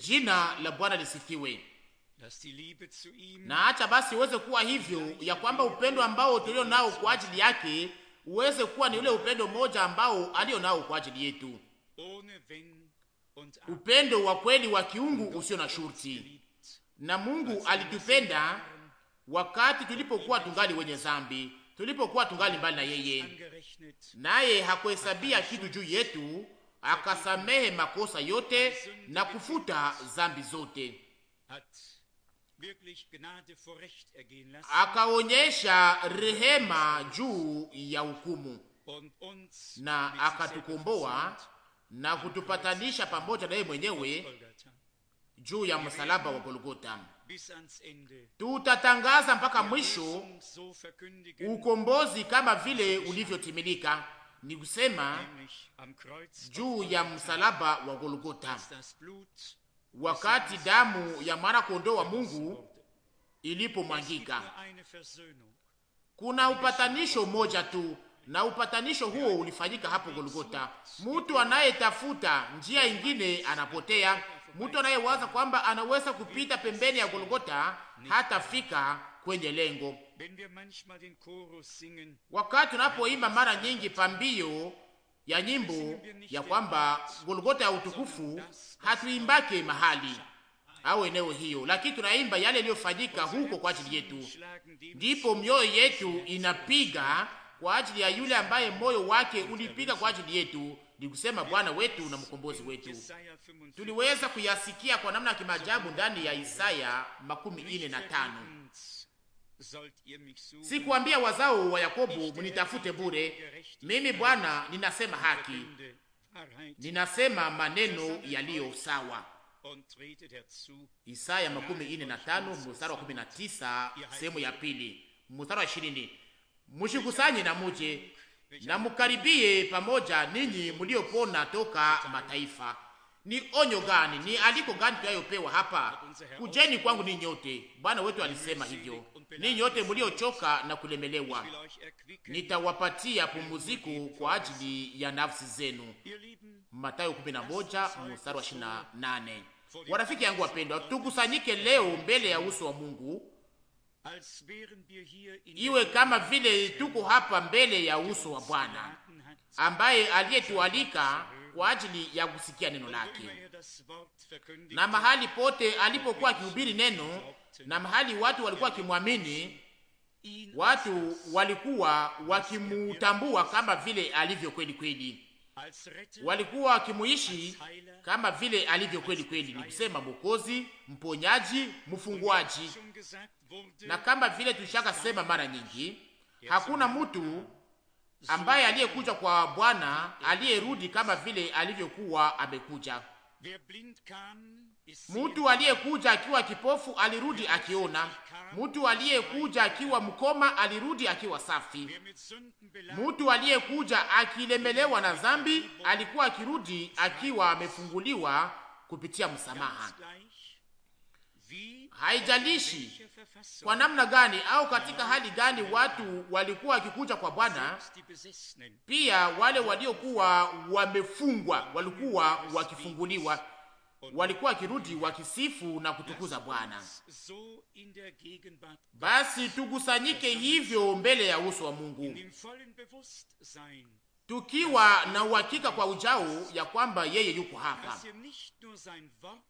Jina la Bwana lisifiwe. Na acha basi uweze kuwa hivyo, ya kwamba upendo ambao tulio nao kwa ajili yake uweze kuwa ni ule upendo mmoja ambao aliyo nao kwa ajili yetu, upendo wa kweli wa kiungu usio na shurti. Na Mungu alitupenda wakati tulipokuwa tungali wenye zambi, tulipokuwa tungali mbali na yeye, naye hakuhesabia kitu juu yetu akasamehe makosa yote na kufuta zambi zote, akaonyesha rehema juu ya hukumu na akatukomboa na kutupatanisha pamoja naye mwenyewe juu ya msalaba wa Golgota. Tutatangaza mpaka mwisho ukombozi kama vile ulivyotimilika ni kusema juu ya msalaba wa Golgota, wakati damu ya mwana kondoo wa Mungu ilipomwangika. Kuna upatanisho mmoja tu, na upatanisho huo ulifanyika hapo Golgota. Mtu anayetafuta njia ingine anapotea. Mtu anayewaza kwamba anaweza kupita pembeni ya Golgota hatafika kwenye lengo. Wakati tunapoimba mara nyingi pambio ya nyimbo ya kwamba Golgota ya utukufu, hatuimbake mahali au eneo hiyo, lakini tunaimba yale yaliyofanyika huko kwa ajili yetu. Ndipo mioyo yetu inapiga kwa ajili ya yule ambaye moyo wake ulipiga kwa ajili yetu, ni kusema Bwana wetu na mkombozi wetu. Tuliweza kuyasikia kwa namna ya kimaajabu ndani ya Isaya makumi ine na tano. Sikuambia wazao wa Yakobo mnitafute bure. Mimi Bwana ninasema haki, ninasema maneno yaliyo sawa. Isaya makumi ine na tano mstari wa kumi na tisa sehemu ya pili mstari wa ishirini mushikusanye na muje na mukaribie pamoja ninyi mliopona toka mataifa ni onyo gani? Ni aliko gani tunayopewa hapa? Kujeni kwangu ni nyote, Bwana wetu alisema hivyo, ni nyote mliochoka na kulemelewa, nitawapatia pumziko kwa ajili ya nafsi zenu. Mathayo 11 mstari wa 28. Warafiki yangu wapendwa, tukusanyike leo mbele ya uso wa Mungu, iwe kama vile tuko hapa mbele ya uso wa Bwana ambaye aliyetualika kwa ajili ya kusikia neno lake. Na mahali pote alipokuwa akihubiri neno na mahali watu walikuwa wakimwamini, watu walikuwa wakimutambua kama vile alivyo kweli kweli, walikuwa wakimuishi kama vile alivyo kweli kweli, ni kusema Mwokozi, mponyaji, mfunguaji. Na kama vile tulishaka sema mara nyingi, hakuna mtu ambaye aliyekuja kwa Bwana aliyerudi kama vile alivyokuwa amekuja. Mtu aliyekuja akiwa kipofu alirudi akiona. Mtu aliyekuja akiwa mkoma alirudi akiwa safi. Mtu aliyekuja akilemelewa na dhambi alikuwa akirudi akiwa amefunguliwa kupitia msamaha haijalishi kwa namna gani au katika hali gani watu walikuwa wakikuja kwa Bwana. Pia wale waliokuwa wamefungwa walikuwa wakifunguliwa, walikuwa wakirudi wakisifu na kutukuza Bwana. Basi tukusanyike hivyo mbele ya uso wa Mungu tukiwa na uhakika kwa ujao ya kwamba yeye yuko hapa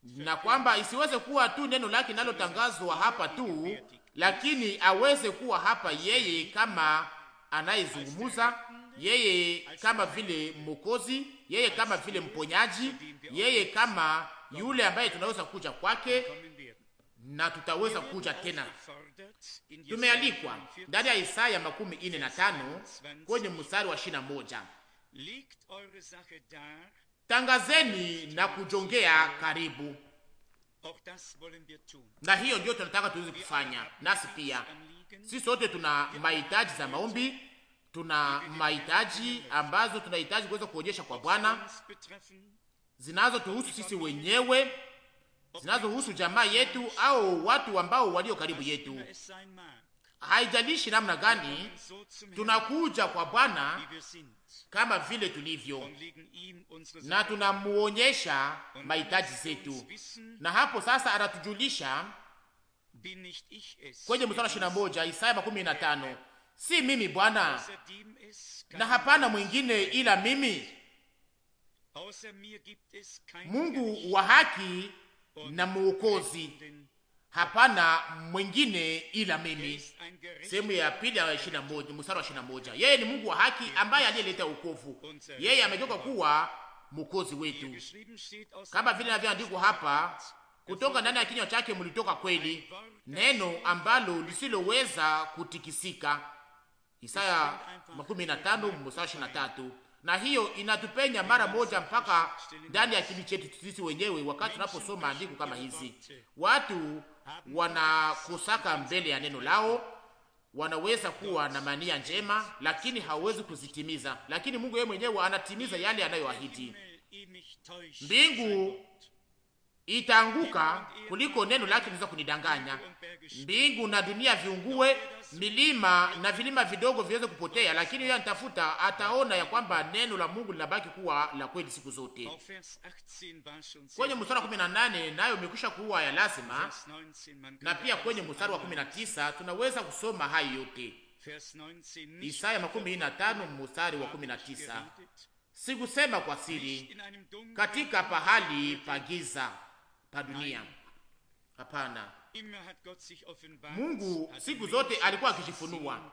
na kwamba isiweze kuwa tu neno lake linalotangazwa hapa tu, lakini aweze kuwa hapa yeye kama anayezungumuza, yeye kama vile Mwokozi, yeye kama vile mponyaji, yeye kama yule ambaye tunaweza kuja kwake na tutaweza kuja tena. Tumealikwa ndani ya Isaya makumi ine na tano kwenye mstari wa ishirini na moja tangazeni na kujongea karibu, na hiyo ndiyo tunataka tuweze kufanya nasi pia. Sisi sote tuna mahitaji za maombi, tuna mahitaji ambazo tunahitaji kuweza kuonyesha kwa Bwana, zinazotuhusu sisi wenyewe, zinazohusu jamaa yetu au watu ambao walio karibu yetu. Haijalishi namna gani tunakuja kwa Bwana kama vile tulivyo, na tunamuonyesha mahitaji zetu, na hapo sasa anatujulisha kwenye mstari ishirini na moja Isaya makumi na tano si mimi Bwana na hapana mwingine ila mimi, Mungu wa haki na Mwokozi hapana mwingine ila mimi. Sehemu ya pili ya ishirini na moja mstari wa ishirini na moja yeye ni Mungu wa haki ambaye aliyeleta ukovu, yeye ametoka kuwa mwokozi wetu, kama vile navyoandikwa hapa, kutoka ndani ya kinywa chake mlitoka kweli neno ambalo lisiloweza kutikisika, Isaya makumi na tano mstari ishirini na tatu na hiyo inatupenya mara moja mpaka ndani ya kili chetu sisi wenyewe, wakati tunaposoma andiko kama hizi. Watu wanakusaka mbele ya neno lao, wanaweza kuwa na mania njema, lakini hawezi kuzitimiza. Lakini Mungu yeye mwenyewe anatimiza yale anayoahidi. Eh, Mbingu itaanguka kuliko neno lake liweza kunidanganya. Mbingu na dunia viungue, milima na vilima vidogo viweze kupotea, lakini yeye anitafuta ataona ya kwamba neno la Mungu linabaki kuwa la kweli siku zote. Kwenye mstari wa 18 nayo imekwisha kuwa ya lazima, na pia kwenye mstari wa 19 tunaweza kusoma hayo yote. Isaya makumi mstari wa 19, sikusema kwa siri katika pahali pa giza pa dunia. Hapana, Mungu siku zote alikuwa akijifunua,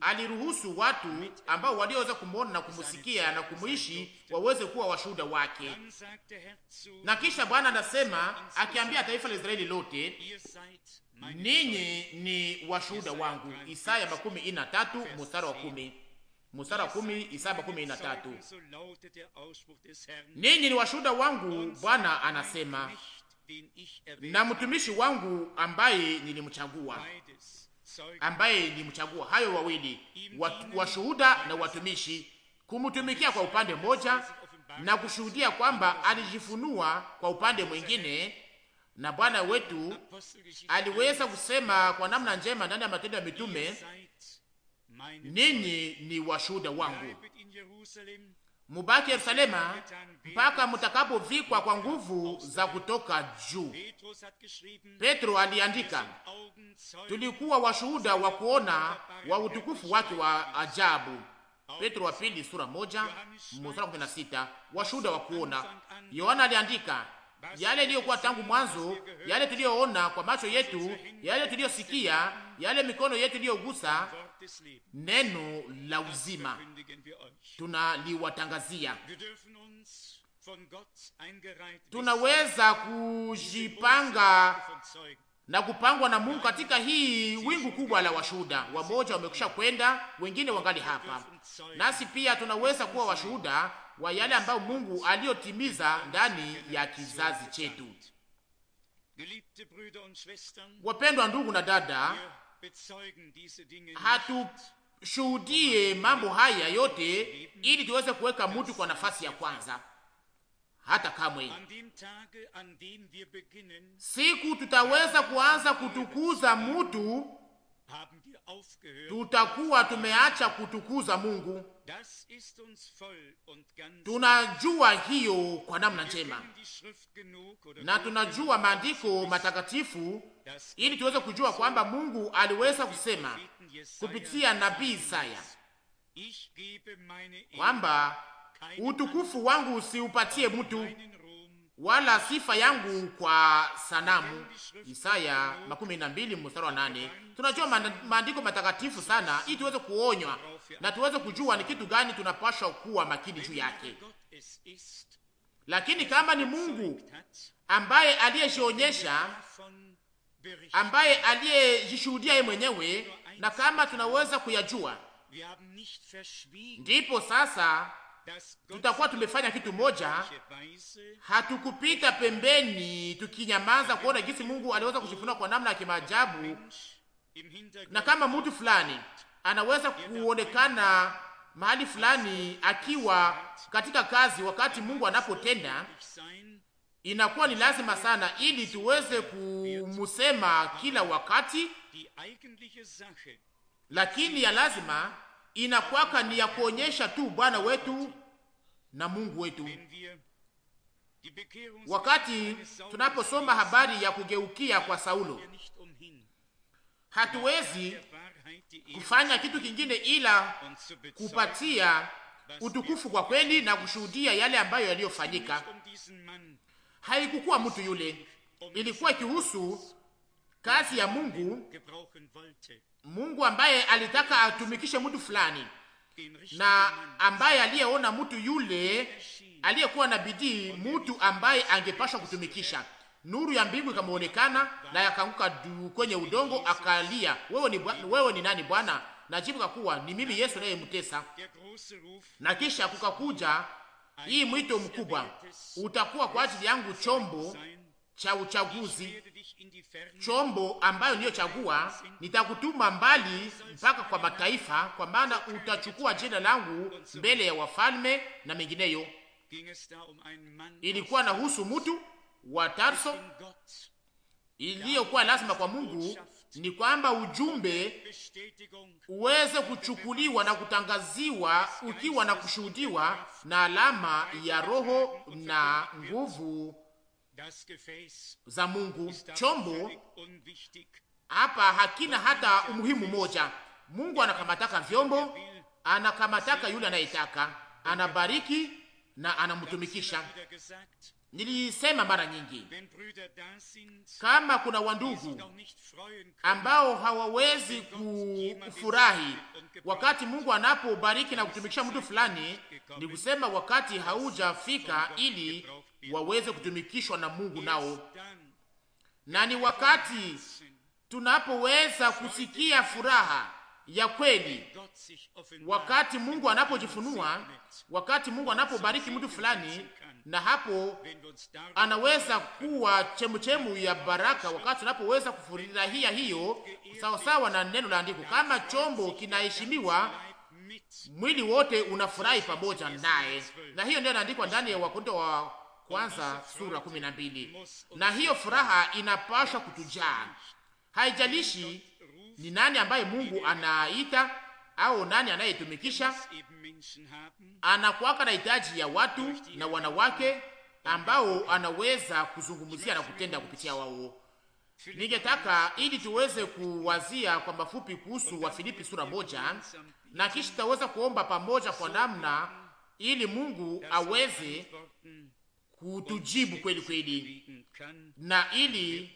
aliruhusu watu ambao walioweza kumwona na kumusikia na kumuishi waweze kuwa washuhuda wake. Na kisha Bwana anasema akiambia taifa la Israeli lote, ninyi ni washuhuda wangu. Isaya makumi ina tatu mstari wa kumi mstari wa kumi saba kumi na tatu ninyi ni washuhuda wangu, Bwana anasema, na mtumishi wangu ambaye nilimchagua, ambaye nilimchagua. Hayo wawili washuhuda na watumishi, kumtumikia kwa upande mmoja na kushuhudia kwamba alijifunua kwa upande mwingine na Bwana wetu aliweza kusema kwa namna njema ndani ya Matendo ya Mitume ninyi ni washuhuda wangu. Mubaki Yerusalema mpaka mutakapovikwa kwa nguvu za kutoka juu. Petro aliandika, tulikuwa washuhuda wa kuona wa utukufu wake wa ajabu. Petro wa pili sura moja mstari kumi na sita. Washuhuda wa kuona. Yohana aliandika yale iliyokuwa tangu mwanzo, yale tuliyoona kwa macho yetu, yale tuliyosikia, yale mikono yetu iliyogusa, neno la uzima tunaliwatangazia. Tunaweza kujipanga na kupangwa na Mungu katika hii wingu kubwa la washuhuda. Wamoja wamekwisha kwenda, wengine wangali hapa, nasi pia tunaweza kuwa washuhuda wa yale ambayo Mungu aliyotimiza ndani ya kizazi chetu. Wapendwa ndugu na dada hatushuhudie mambo haya yote, ili tuweze kuweka mtu kwa nafasi ya kwanza hata kamwe. Siku tutaweza kuanza kutukuza mtu tutakuwa tumeacha kutukuza Mungu. Tunajua hiyo kwa namna njema, na tunajua maandiko matakatifu ili tuweze kujua kwamba Mungu aliweza kusema kupitia nabii Isaya kwamba utukufu wangu usiupatie mtu wala sifa yangu kwa sanamu. Isaya makumi na mbili mstari wa nane. Tunajua maandiko matakatifu sana, ili tuweze kuonywa na tuweze kujua ni kitu gani tunapashwa kuwa makini juu yake. Lakini kama ni Mungu ambaye aliyejionyesha, ambaye aliyejishuhudia yeye mwenyewe, na kama tunaweza kuyajua, ndipo sasa tutakuwa tumefanya kitu moja, hatukupita pembeni tukinyamaza kuona jinsi Mungu aliweza kujifunua kwa namna ya kimaajabu. Na kama mtu fulani anaweza kuonekana mahali fulani akiwa katika kazi, wakati Mungu anapotenda inakuwa ni lazima sana, ili tuweze kumusema kila wakati, lakini ya lazima inakwaka ni ya kuonyesha tu Bwana wetu na Mungu wetu. Wakati tunaposoma habari ya kugeukia kwa Saulo, hatuwezi kufanya kitu kingine ila kupatia utukufu kwa kweli na kushuhudia yale ambayo yaliyofanyika. Haikukuwa mtu yule, ilikuwa ikihusu kazi ya Mungu Mungu ambaye alitaka atumikishe mtu fulani na ambaye aliyeona mtu yule aliyekuwa na bidii, mtu ambaye angepashwa kutumikisha. Nuru ya mbingu ikamuonekana na yakaanguka kwenye udongo, akalia, wewe ni bwana, wewe ni nani Bwana? Najibu kakuwa ni mimi Yesu mtesa. Na kisha kukakuja hii mwito mkubwa, utakuwa kwa ajili yangu chombo cha uchaguzi, chombo ambayo niyochagua, nitakutuma mbali mpaka kwa mataifa, kwa maana utachukua jina langu mbele ya wafalme na mengineyo. Ilikuwa nahusu mtu wa Tarso. Iliyokuwa lazima kwa Mungu ni kwamba ujumbe uweze kuchukuliwa na kutangaziwa ukiwa na kushuhudiwa na alama ya Roho na nguvu za Mungu. Chombo hapa hakina hata umuhimu moja. Mungu anakamataka vyombo, anakamataka yule anayetaka, anabariki na anamtumikisha. Nilisema mara nyingi, kama kuna wandugu ambao hawawezi kufurahi wakati Mungu anapobariki na kutumikisha mtu fulani, ni kusema wakati haujafika ili waweze kutumikishwa na Mungu nao, na ni wakati tunapoweza kusikia furaha ya kweli, wakati Mungu anapojifunua, wakati Mungu anapobariki mtu fulani, na hapo anaweza kuwa chemuchemu ya baraka, wakati anapoweza kufurahia hiyo sawasawa na neno la andiko. Kama chombo kinaheshimiwa, mwili wote unafurahi pamoja naye, na hiyo ndio inaandikwa ndani ya Wakorintho wa kwanza sura kumi na mbili. Na hiyo furaha inapashwa kutujaa, haijalishi ni nani ambaye Mungu anaita au nani anayetumikisha. Anakuwaka na hitaji ya watu na wanawake ambao anaweza kuzungumzia na kutenda kupitia wao. Ningetaka ili tuweze kuwazia kwa mafupi kuhusu Wafilipi sura moja, na kisha tutaweza kuomba pamoja kwa namna ili Mungu aweze kutujibu kweli kweli, na ili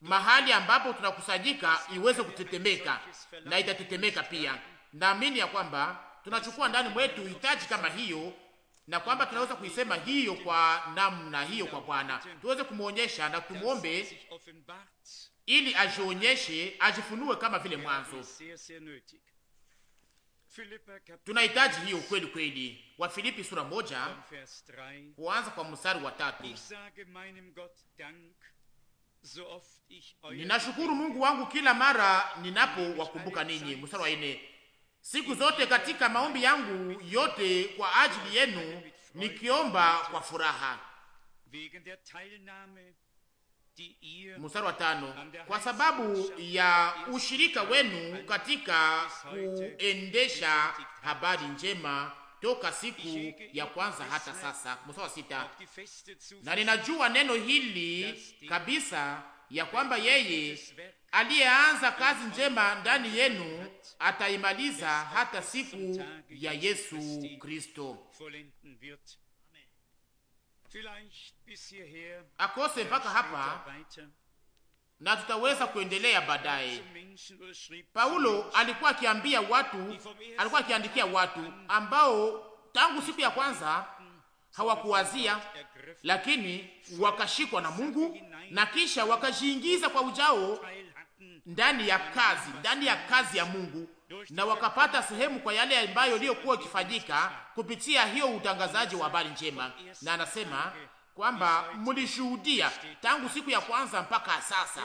mahali ambapo tunakusanyika iweze kutetemeka na itatetemeka pia. Naamini ya kwamba tunachukua ndani mwetu hitaji kama hiyo na kwamba tunaweza kuisema hiyo kwa namna hiyo kwa Bwana, tuweze kumwonyesha na tumwombe ili ajionyeshe, ajifunue kama vile mwanzo Tunahitaji hiyo kweli kweli. Wa Filipi sura moja kuanza kwa mstari wa tatu. Ninashukuru Mungu wangu kila mara ninapowakumbuka ninyi. Mstari wa nne. Siku zote katika maombi yangu yote kwa ajili yenu nikiomba kwa furaha mstari wa tano, kwa sababu ya ushirika wenu katika kuendesha habari njema toka siku ya kwanza hata sasa. Mstari wa sita, na ninajua neno hili kabisa ya kwamba yeye aliyeanza kazi njema ndani yenu ataimaliza hata siku ya Yesu Kristo akose mpaka hapa na tutaweza kuendelea baadaye. Paulo alikuwa akiambia watu, alikuwa akiandikia watu ambao tangu siku ya kwanza hawakuwazia, lakini wakashikwa na Mungu na kisha wakajiingiza kwa ujao ndani ya kazi, ndani ya kazi ya Mungu na wakapata sehemu kwa yale ambayo iliyokuwa ikifanyika kupitia hiyo utangazaji wa habari njema. Na anasema kwamba mlishuhudia tangu siku ya kwanza mpaka sasa,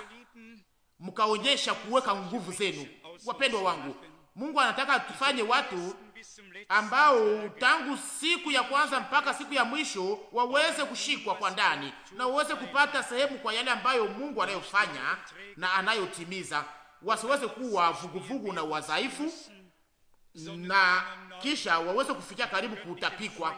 mkaonyesha kuweka nguvu zenu. Wapendwa wangu, Mungu anataka tufanye watu ambao tangu siku ya kwanza mpaka siku ya mwisho waweze kushikwa kwa ndani na waweze kupata sehemu kwa yale ambayo Mungu anayofanya na anayotimiza, wasiweze kuwa vuguvugu na wadhaifu, na kisha waweze kufikia karibu kutapikwa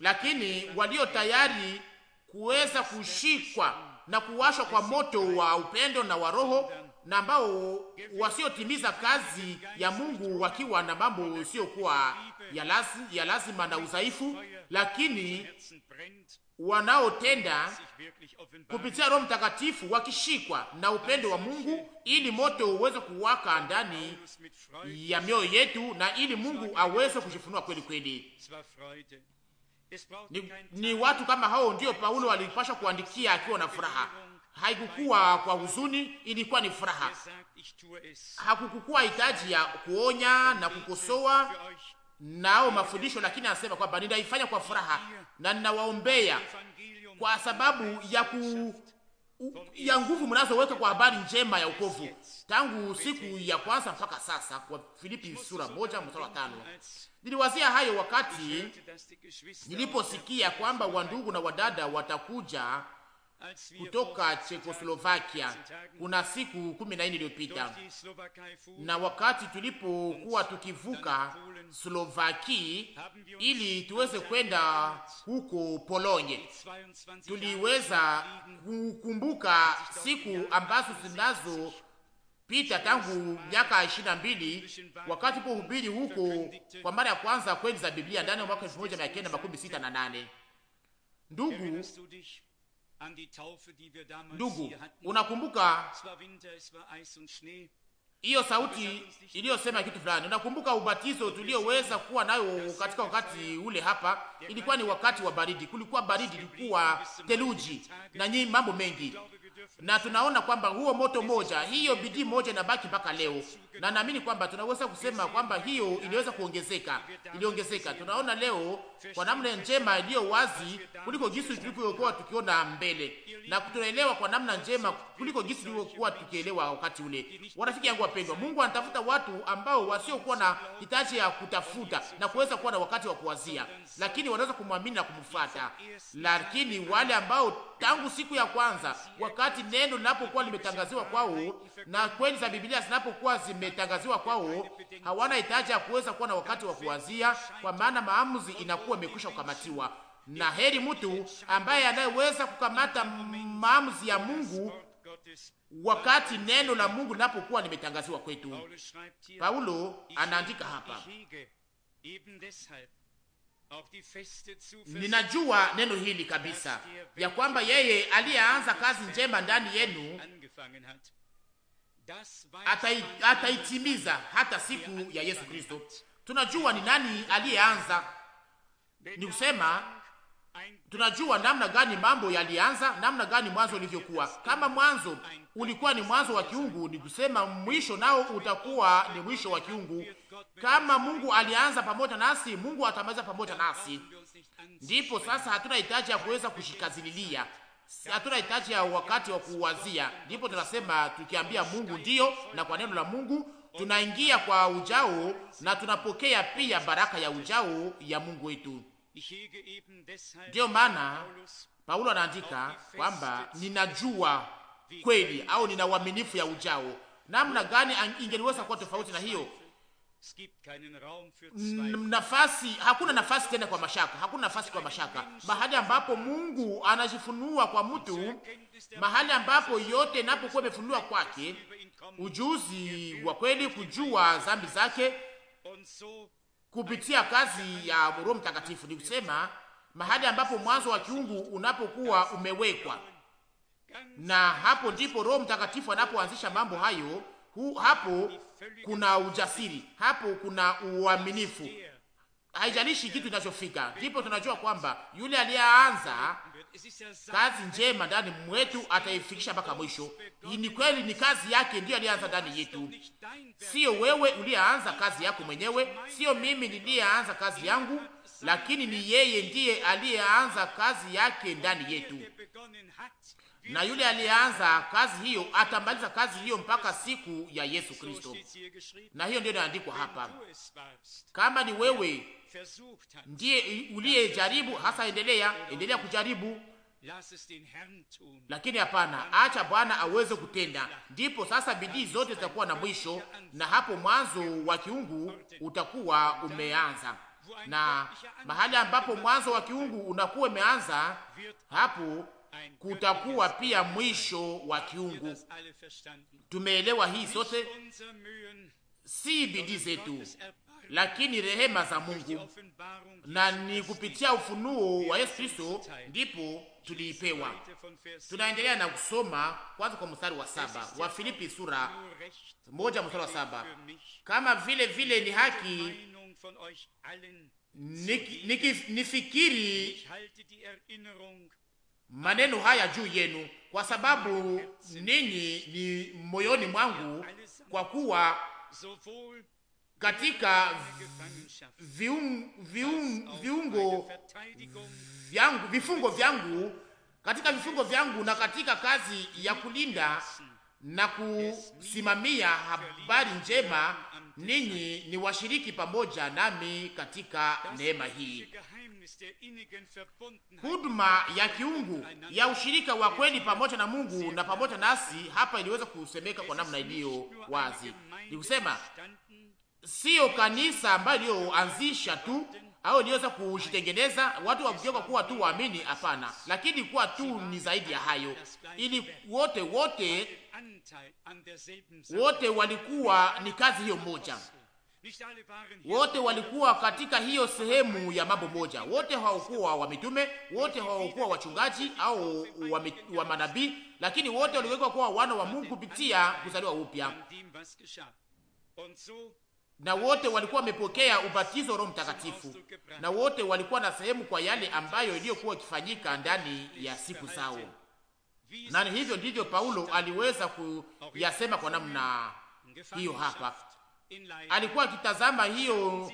lakini walio tayari kuweza kushikwa na kuwashwa kwa moto wa upendo na wa Roho, na ambao wasiotimiza kazi ya Mungu wakiwa na mambo isiyokuwa ya lazima, ya lazima na udhaifu, lakini wanaotenda kupitia Roho Mtakatifu wakishikwa na upendo wa Mungu, ili moto uweze kuwaka ndani ya mioyo yetu na ili Mungu aweze kujifunua kweli kweli. Ni, ni watu kama hao ndiyo Paulo alipasha kuandikia akiwa na furaha. Haikukuwa kwa huzuni, ilikuwa ni furaha. Hakukukuwa hitaji ya kuonya na kukosoa nao mafundisho, lakini anasema kwamba ninaifanya kwa furaha na ninawaombea kwa sababu ya ku ya nguvu mnazoweka kwa habari njema ya ukovu tangu siku ya kwanza mpaka sasa, kwa Filipi sura moja mstari wa tano. Niliwazia hayo wakati niliposikia kwamba wandugu na wadada watakuja kutoka Chekoslovakia kuna siku kumi na nne iliyopita, na wakati tulipokuwa tukivuka Slovaki ili tuweze kwenda huko Polonye, tuliweza kukumbuka siku ambazo zinazo pita tangu miaka ishirini na mbili wakati pohubiri huko kwa mara ya kwanza kweli za Biblia ndani ya mwaka elfu moja mia kenda makumi sita na nane. Ndugu, ndugu, unakumbuka hiyo sauti iliyosema kitu fulani? Unakumbuka ubatizo tulioweza kuwa nayo katika wakati ule? Hapa ilikuwa ni wakati wa baridi, kulikuwa baridi, ilikuwa theluji na nyinyi mambo mengi na tunaona kwamba huo moto moja, hiyo bidii moja inabaki mpaka leo, na naamini kwamba tunaweza kusema kwamba hiyo iliweza kuongezeka, iliongezeka. Tunaona leo kwa namna njema iliyo wazi kuliko jinsi tulivyokuwa tukiona mbele, na tunaelewa kwa namna njema kuliko jinsi tulivyokuwa tukielewa wakati ule. Warafiki yangu wapendwa, Mungu anatafuta watu ambao wasiokuwa na hitaji ya kutafuta na kuweza kuwa na wakati wa kuwazia, lakini wanaweza kumwamini na kumfuata, lakini wale ambao tangu siku ya kwanza wakati wakati neno linapokuwa limetangaziwa kwao na kweli za Biblia zinapokuwa zimetangaziwa kwao, hawana hitaji ya kuweza kuwa na wakati wa kuanzia, kwa maana maamuzi inakuwa imekwisha kukamatiwa. Na heri mtu ambaye anayeweza kukamata maamuzi ya Mungu wakati neno la Mungu linapokuwa limetangaziwa kwetu. Paulo anaandika hapa Ninajua neno hili kabisa ya kwamba yeye aliyeanza kazi njema ndani yenu ataitimiza ata hata siku ya Yesu Kristo. Tunajua ni nani aliyeanza, ni kusema tunajua namna gani mambo yalianza, namna gani mwanzo ulivyokuwa. Kama mwanzo ulikuwa ni mwanzo wa kiungu, ni kusema mwisho nao utakuwa ni mwisho wa kiungu. Kama Mungu alianza pamoja nasi, Mungu atamaliza pamoja nasi. Ndipo sasa hatuna hitaji ya kuweza kushikazililia, hatuna hitaji ya wakati wa kuwazia. Ndipo tunasema tukiambia Mungu ndiyo, na kwa neno la Mungu tunaingia kwa ujao na tunapokea pia baraka ya ujao ya Mungu wetu. Ndiyo maana Paulo anaandika kwamba ninajua kweli au nina uaminifu ya ujao. Namna gani ingeliweza kuwa tofauti na hiyo? Mm, nafasi, hakuna nafasi tena kwa mashaka, hakuna nafasi kwa mashaka. Mahali ambapo Mungu anajifunua kwa mtu, mahali ambapo yote inapokuwa imefunuliwa kwake, ujuzi wa kweli, kujua dhambi zake kupitia kazi ya Roho Mtakatifu. Ni kusema mahali ambapo mwanzo wa kiungu unapokuwa umewekwa, na hapo ndipo Roho Mtakatifu anapoanzisha mambo hayo. Hu, hapo kuna ujasiri, hapo kuna uaminifu, haijalishi kitu kinachofika. Ndipo tunajua kwamba yule aliyeanza Kazi njema ndani mwetu ataifikisha mpaka mwisho. Ni kweli, ni kazi yake ndiyo alianza ndani yetu, sio wewe uliyeanza kazi yako mwenyewe, sio mimi niliyeanza kazi yangu, lakini ni yeye ndiye aliyeanza kazi yake ndani yetu, na yule aliyeanza kazi hiyo atamaliza kazi hiyo mpaka siku ya Yesu Kristo. Na hiyo ndiyo inaandikwa hapa, kama ni wewe ndiye uliyejaribu hasa. Endelea, endelea kujaribu, lakini hapana, acha Bwana aweze kutenda. Ndipo sasa bidii zote zitakuwa na mwisho, na hapo mwanzo wa kiungu utakuwa umeanza na mahali ambapo mwanzo wa kiungu unakuwa umeanza, hapo kutakuwa pia mwisho wa kiungu. Tumeelewa hii sote, si bidii zetu lakini rehema za Mungu, na ni kupitia ufunuo wa Yesu Kristo ndipo tuliipewa. Tunaendelea na kusoma kwanza kwa mstari wa saba wa Filipi sura moja mstari wa saba kama vile vile ni haki nifikiri maneno haya juu yenu, kwa sababu ninyi ni moyoni mwangu, kwa kuwa katika viungo, vyangu, vifungo vyangu katika vifungo vyangu na katika kazi ya kulinda na kusimamia habari njema, ninyi ni washiriki pamoja nami katika neema hii. Huduma ya kiungu ya ushirika wa kweli pamoja na Mungu na pamoja nasi hapa iliweza kusemeka kwa namna iliyo wazi, ni kusema siyo kanisa ambayo iliyoanzisha tu au iliyoweza kujitengeneza watu wakugeuka kuwa tu waamini. Hapana, lakini kuwa tu ni zaidi ya hayo, ili wote wote wote walikuwa ni kazi hiyo moja, wote walikuwa katika hiyo sehemu ya mambo moja. Wote hawakuwa wa mitume, wote hawakuwa wachungaji au wa, wa manabii, lakini wote waliwekwa kuwa wana wa Mungu kupitia kuzaliwa upya na wote walikuwa wamepokea ubatizo Roho Mtakatifu, na wote walikuwa na sehemu kwa yale ambayo iliyokuwa ikifanyika ndani ya siku zao, na hivyo ndivyo Paulo aliweza kuyasema kwa namna hiyo. Hapa alikuwa akitazama hiyo,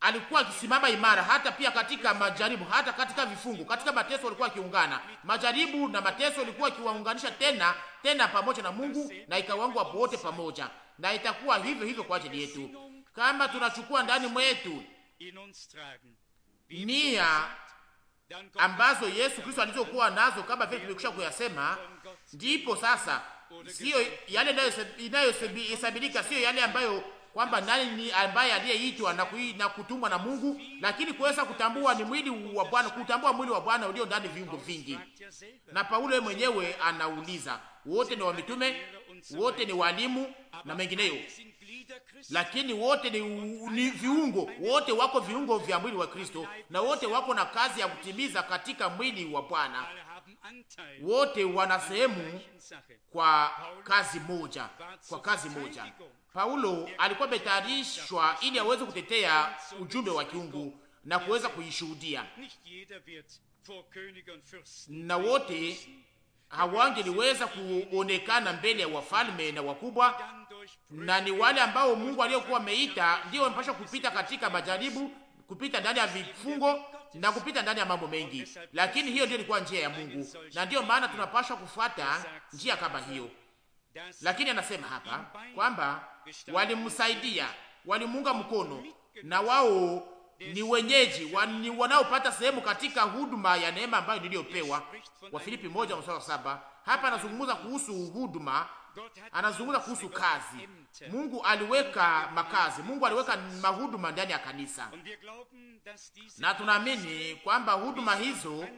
alikuwa akisimama imara, hata pia katika majaribu, hata katika vifungo, katika mateso walikuwa akiungana. Majaribu na mateso walikuwa akiwaunganisha tena tena pamoja na Mungu, na ikawangwa wote pamoja na itakuwa hivyo hivyo kwa ajili yetu, kama tunachukua ndani mwetu nia ambazo Yesu Kristo alizokuwa nazo kama vile tulikwisha kuyasema. Ndipo sasa sio yale inayohesabilika, sio yale ambayo kwamba nani ni ambaye aliyeitwa na, na kutumwa na Mungu, lakini kuweza kutambua ni mwili wa Bwana, kutambua mwili wa Bwana ulio ndani viungo vingi. Na Paulo mwenyewe anauliza wote ni wa mitume, wote ni walimu na mengineyo, lakini wote ni, ni viungo, wote wako viungo vya mwili wa Kristo, na wote wako na kazi ya kutimiza katika mwili wa Bwana. Wote wana sehemu kwa kazi moja, kwa kazi moja. Paulo alikuwa ametayarishwa ili aweze kutetea ujumbe wa kiungu na kuweza kuishuhudia, na wote hawangeliweza kuonekana mbele ya wafalme na wakubwa, na ni wale ambao Mungu aliyokuwa ameita ndio wamepashwa kupita katika majaribu, kupita ndani ya vifungo na kupita ndani ya mambo mengi, lakini hiyo ndio ilikuwa njia ya Mungu, na ndiyo maana tunapaswa kufuata njia kama hiyo. Lakini anasema hapa kwamba walimsaidia, walimuunga mkono na wao ni wenyeji wa, ni wanaopata sehemu katika huduma ya neema ambayo niliyopewa. Wafilipi moja mstari wa saba. Hapa anazungumza kuhusu huduma anazungumza kuhusu kazi. Mungu aliweka makazi, Mungu aliweka mahuduma ndani ya kanisa, na tunaamini kwamba huduma hizo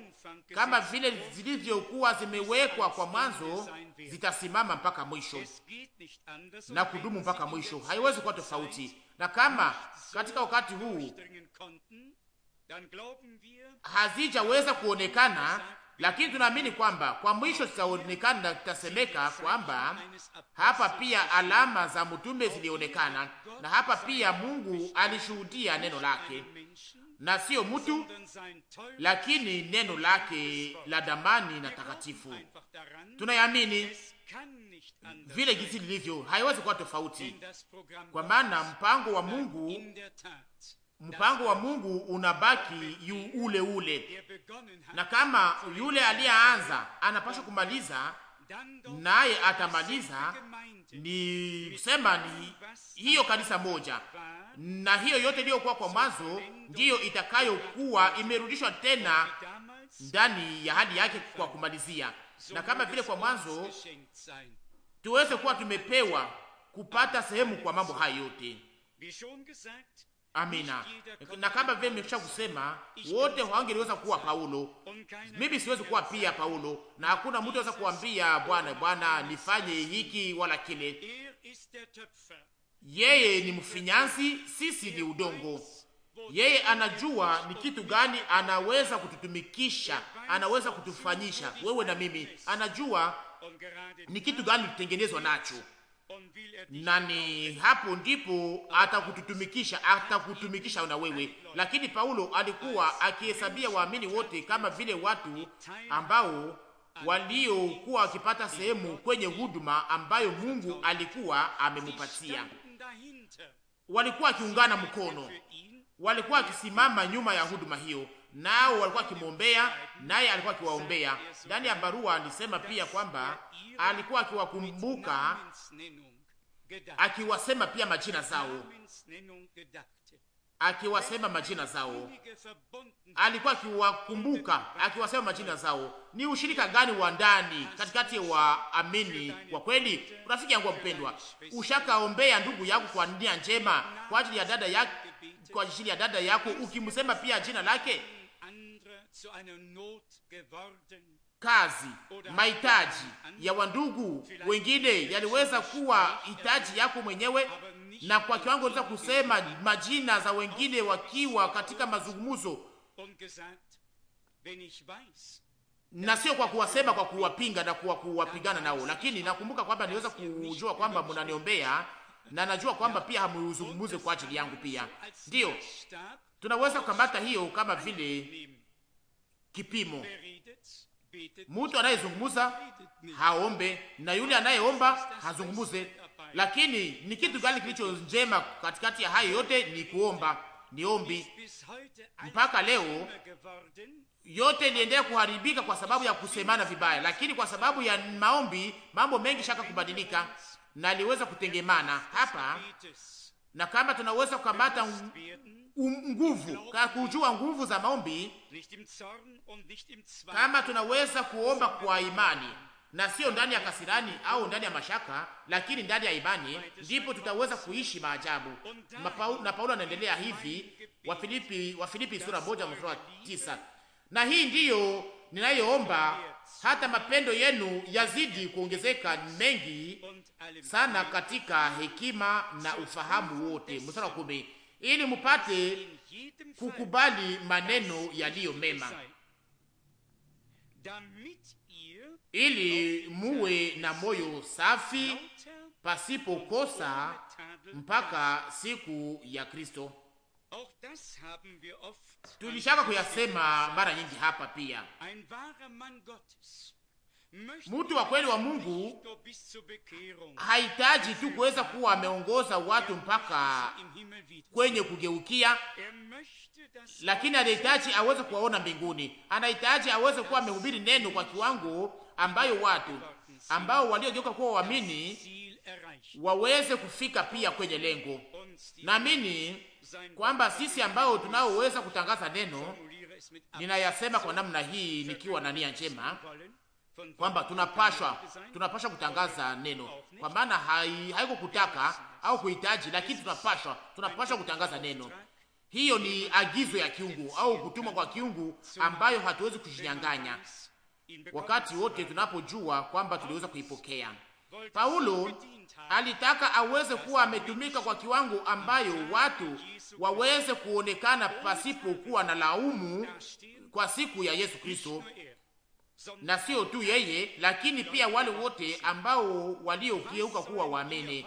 kama vile zilivyokuwa zimewekwa kwa mwanzo zitasimama mpaka mwisho na kudumu mpaka mwisho, haiwezi kuwa tofauti. Na kama katika wakati huu hazijaweza kuonekana lakini tunaamini kwamba kwa mwisho zitaonekana na tutasemeka kwamba hapa pia alama za mtume zilionekana, na hapa pia Mungu alishuhudia neno lake, na sio mtu, lakini neno lake la damani na takatifu. Tunayamini vile jinsi lilivyo, haiwezi kuwa tofauti, kwa maana mpango wa Mungu mpango wa Mungu unabaki yu ule ule, na kama yule aliyeanza anapaswa kumaliza naye atamaliza. Ni kusema ni hiyo kanisa moja, na hiyo yote iliyokuwa kwa mwanzo ndiyo itakayokuwa imerudishwa tena ndani ya hali yake kwa kumalizia. Na kama vile kwa mwanzo, tuweze kuwa tumepewa kupata sehemu kwa mambo hayo yote Amina. Na kama vile nimekwisha kusema, wote hawangeliweza kuwa Paulo, mimi siwezi kuwa pia Paulo, na hakuna mtu anaweza kuambia Bwana, Bwana, nifanye hiki wala kile. Yeye ni mfinyanzi, sisi ni udongo. Yeye anajua ni kitu gani anaweza kututumikisha, anaweza kutufanyisha wewe na mimi, anajua ni kitu gani tutengenezwa nacho Er na ni hapo ndipo atakututumikisha, atakutumikisha na wewe. Lakini Paulo alikuwa akihesabia waamini wote kama vile watu ambao waliokuwa wakipata sehemu kwenye huduma ambayo Mungu alikuwa amemupatia. Walikuwa wakiungana mkono, walikuwa wakisimama nyuma ya huduma hiyo nao walikuwa akimwombea naye alikuwa akiwaombea. Ndani ya barua alisema pia kwamba alikuwa akiwakumbuka akiwasema pia majina zao, akiwasema majina zao, alikuwa akiwakumbuka akiwasema majina zao. Ni ushirika gani wa ndani katikati wa amini kwa kweli? Rafiki yangu mpendwa, ushakaombea ndugu yako kwa nia njema, kwa ajili ya dada yako, kwa ajili ya dada yako, ukimsema pia jina lake kazi, mahitaji ya wandugu wengine yaliweza kuwa hitaji yako mwenyewe, na kwa kiwango liweza kusema majina za wengine wakiwa katika mazungumzo, na sio kwa kuwasema, kwa kuwapinga na kwa kuwapigana nao, lakini nakumbuka kwamba niweza kujua kwamba mnaniombea na najua kwamba pia hamuzungumuze kwa ajili yangu pia. Ndiyo tunaweza kukamata hiyo kama vile kipimo. Mtu anayezungumza haombe na yule anayeomba hazungumuze, lakini ni kitu gani kilicho njema katikati ya hayo yote? Ni kuomba, ni ombi. Mpaka leo yote iliendelea kuharibika kwa sababu ya kusemana vibaya, lakini kwa sababu ya maombi mambo mengi shaka kubadilika na aliweza kutengemana hapa, na kama tunaweza kukamata Um nguvu ka kujua nguvu za maombi, kama tunaweza kuomba kwa imani na sio ndani ya kasirani au ndani ya mashaka, lakini ndani ya imani, ndipo tutaweza kuishi maajabu. Na Paulo anaendelea hivi wa Filipi, wa Filipi sura moja mstari wa tisa, na hii ndiyo ninayoomba hata mapendo yenu yazidi kuongezeka mengi sana katika hekima na ufahamu wote. Mstari wa kumi, ili mupate kukubali maneno yaliyo mema, ili muwe na moyo safi pasipo kosa mpaka siku ya Kristo. Tulishaka kuyasema mara nyingi hapa pia Mtu wa kweli wa Mungu hahitaji tu kuweza kuwa ameongoza watu mpaka kwenye kugeukia, lakini anahitaji aweze kuwaona mbinguni. Anahitaji aweze kuwa amehubiri neno kwa kiwango ambayo watu ambao waliogeuka kuwa waamini waweze kufika pia kwenye lengo. Naamini kwamba sisi ambao tunaoweza kutangaza neno, ninayasema kwa namna hii nikiwa na nia njema kwamba tunapashwa tunapashwa kutangaza neno, kwa maana haiko kutaka au kuhitaji, lakini tunapashwa tunapashwa kutangaza neno. Hiyo ni agizo ya kiungu au kutumwa kwa kiungu ambayo hatuwezi kujinyang'anya wakati wote tunapojua kwamba tuliweza kuipokea. Paulo alitaka aweze kuwa ametumika kwa kiwango ambayo watu waweze kuonekana pasipo kuwa na laumu kwa siku ya Yesu Kristo, na sio tu yeye, lakini pia wale wote ambao waliogeuka kuwa waamini.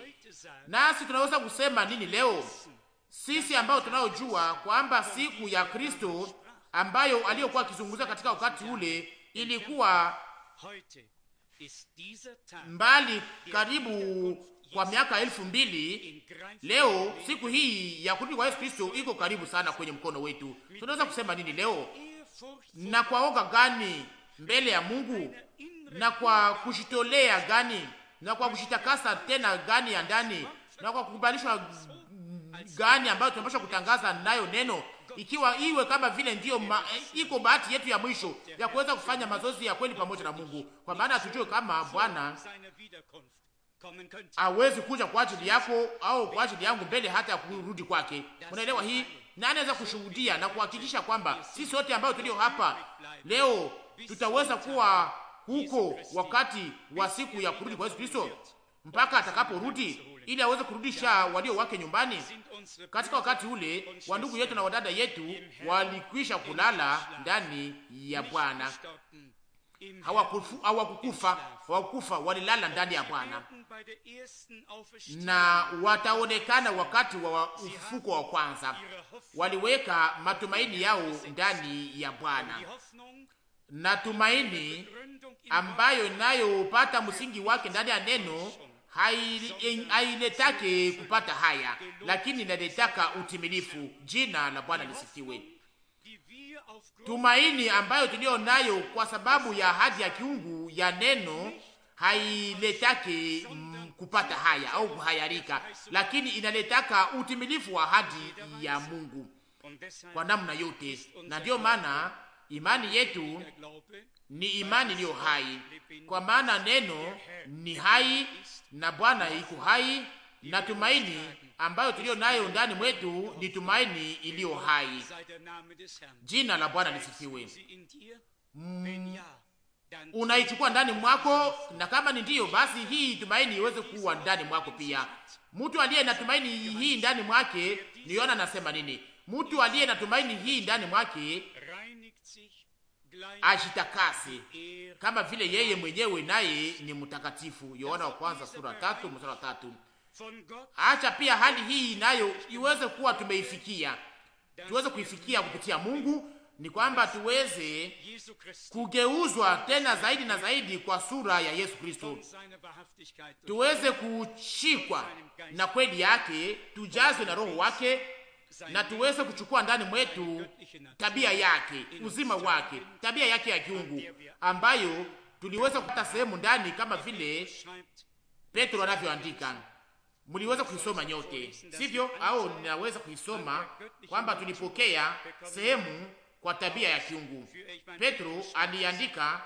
Nasi tunaweza kusema nini leo sisi ambao tunaojua kwamba siku ya Kristo ambayo aliyokuwa akizungumza katika wakati ule ilikuwa mbali karibu kwa miaka elfu mbili leo siku hii ya kurudi kwa Yesu Kristo iko karibu sana kwenye mkono wetu. Tunaweza kusema nini leo na kwa oga gani mbele ya Mungu, na kwa kushitolea gani, na kwa kushitakasa tena gani ya ndani, na kwa kukubalishwa gani ambayo tunapaswa kutangaza nayo neno, ikiwa iwe kama vile ndiyo ma, iko bahati yetu ya mwisho ya kuweza kufanya mazoezi ya kweli pamoja na Mungu, kwa maana hatujue kama Bwana awezi kuja kwa ajili yako au kwa ajili yangu mbele hata ya kurudi kwake. Unaelewa hii? Na anaweza kushuhudia na kuhakikisha kwamba sisi wote ambao tulio hapa leo tutaweza kuwa huko wakati wa siku ya kurudi kwa Yesu Kristo, mpaka atakaporudi ili aweze kurudisha walio wake nyumbani. Katika wakati ule, wandugu yetu na wadada yetu walikwisha kulala ndani ya Bwana, hawakukufa, hawakufa, walilala ndani ya Bwana na wataonekana wakati wa ufuko wa kwanza. Waliweka matumaini yao ndani ya Bwana na tumaini ambayo nayo upata msingi wake ndani ya neno hailetake kupata haya, lakini inaletaka utimilifu. Jina la Bwana lisifiwe. Tumaini ambayo tuliyo nayo kwa sababu ya ahadi ya kiungu ya neno hailetake mm, kupata haya au kuhayarika, lakini inaletaka utimilifu wa ahadi ya Mungu kwa namna yote, na ndiyo maana imani yetu ni imani iliyo hai, kwa maana neno ni hai na Bwana iko hai, na tumaini ambayo tuliyo nayo ndani mwetu ni tumaini iliyo hai. Jina la Bwana lisifiwe. Mm, unaichukua ndani mwako, na kama ni ndiyo, basi hii tumaini iweze kuwa ndani mwako pia. Mtu aliye na tumaini hii ndani mwake, niona anasema nini? Mtu aliye na tumaini hii ndani mwake ajitakase kama vile yeye mwenyewe naye ni mtakatifu. Yohana wa kwanza sura tatu mstari wa tatu. Acha pia hali hii nayo iweze kuwa tumeifikia, tuweze kuifikia kupitia Mungu, ni kwamba tuweze kugeuzwa tena zaidi na zaidi kwa sura ya Yesu Kristo, tuweze kushikwa na kweli yake, tujazwe na roho wake na tuweze kuchukua ndani mwetu tabia yake, uzima wake, tabia yake ya kiungu ambayo tuliweza kupata sehemu ndani, kama vile Petro anavyoandika. Mliweza kuisoma nyote, sivyo? Au ninaweza kuisoma kwamba tulipokea sehemu kwa tabia ya kiungu. Petro aliandika,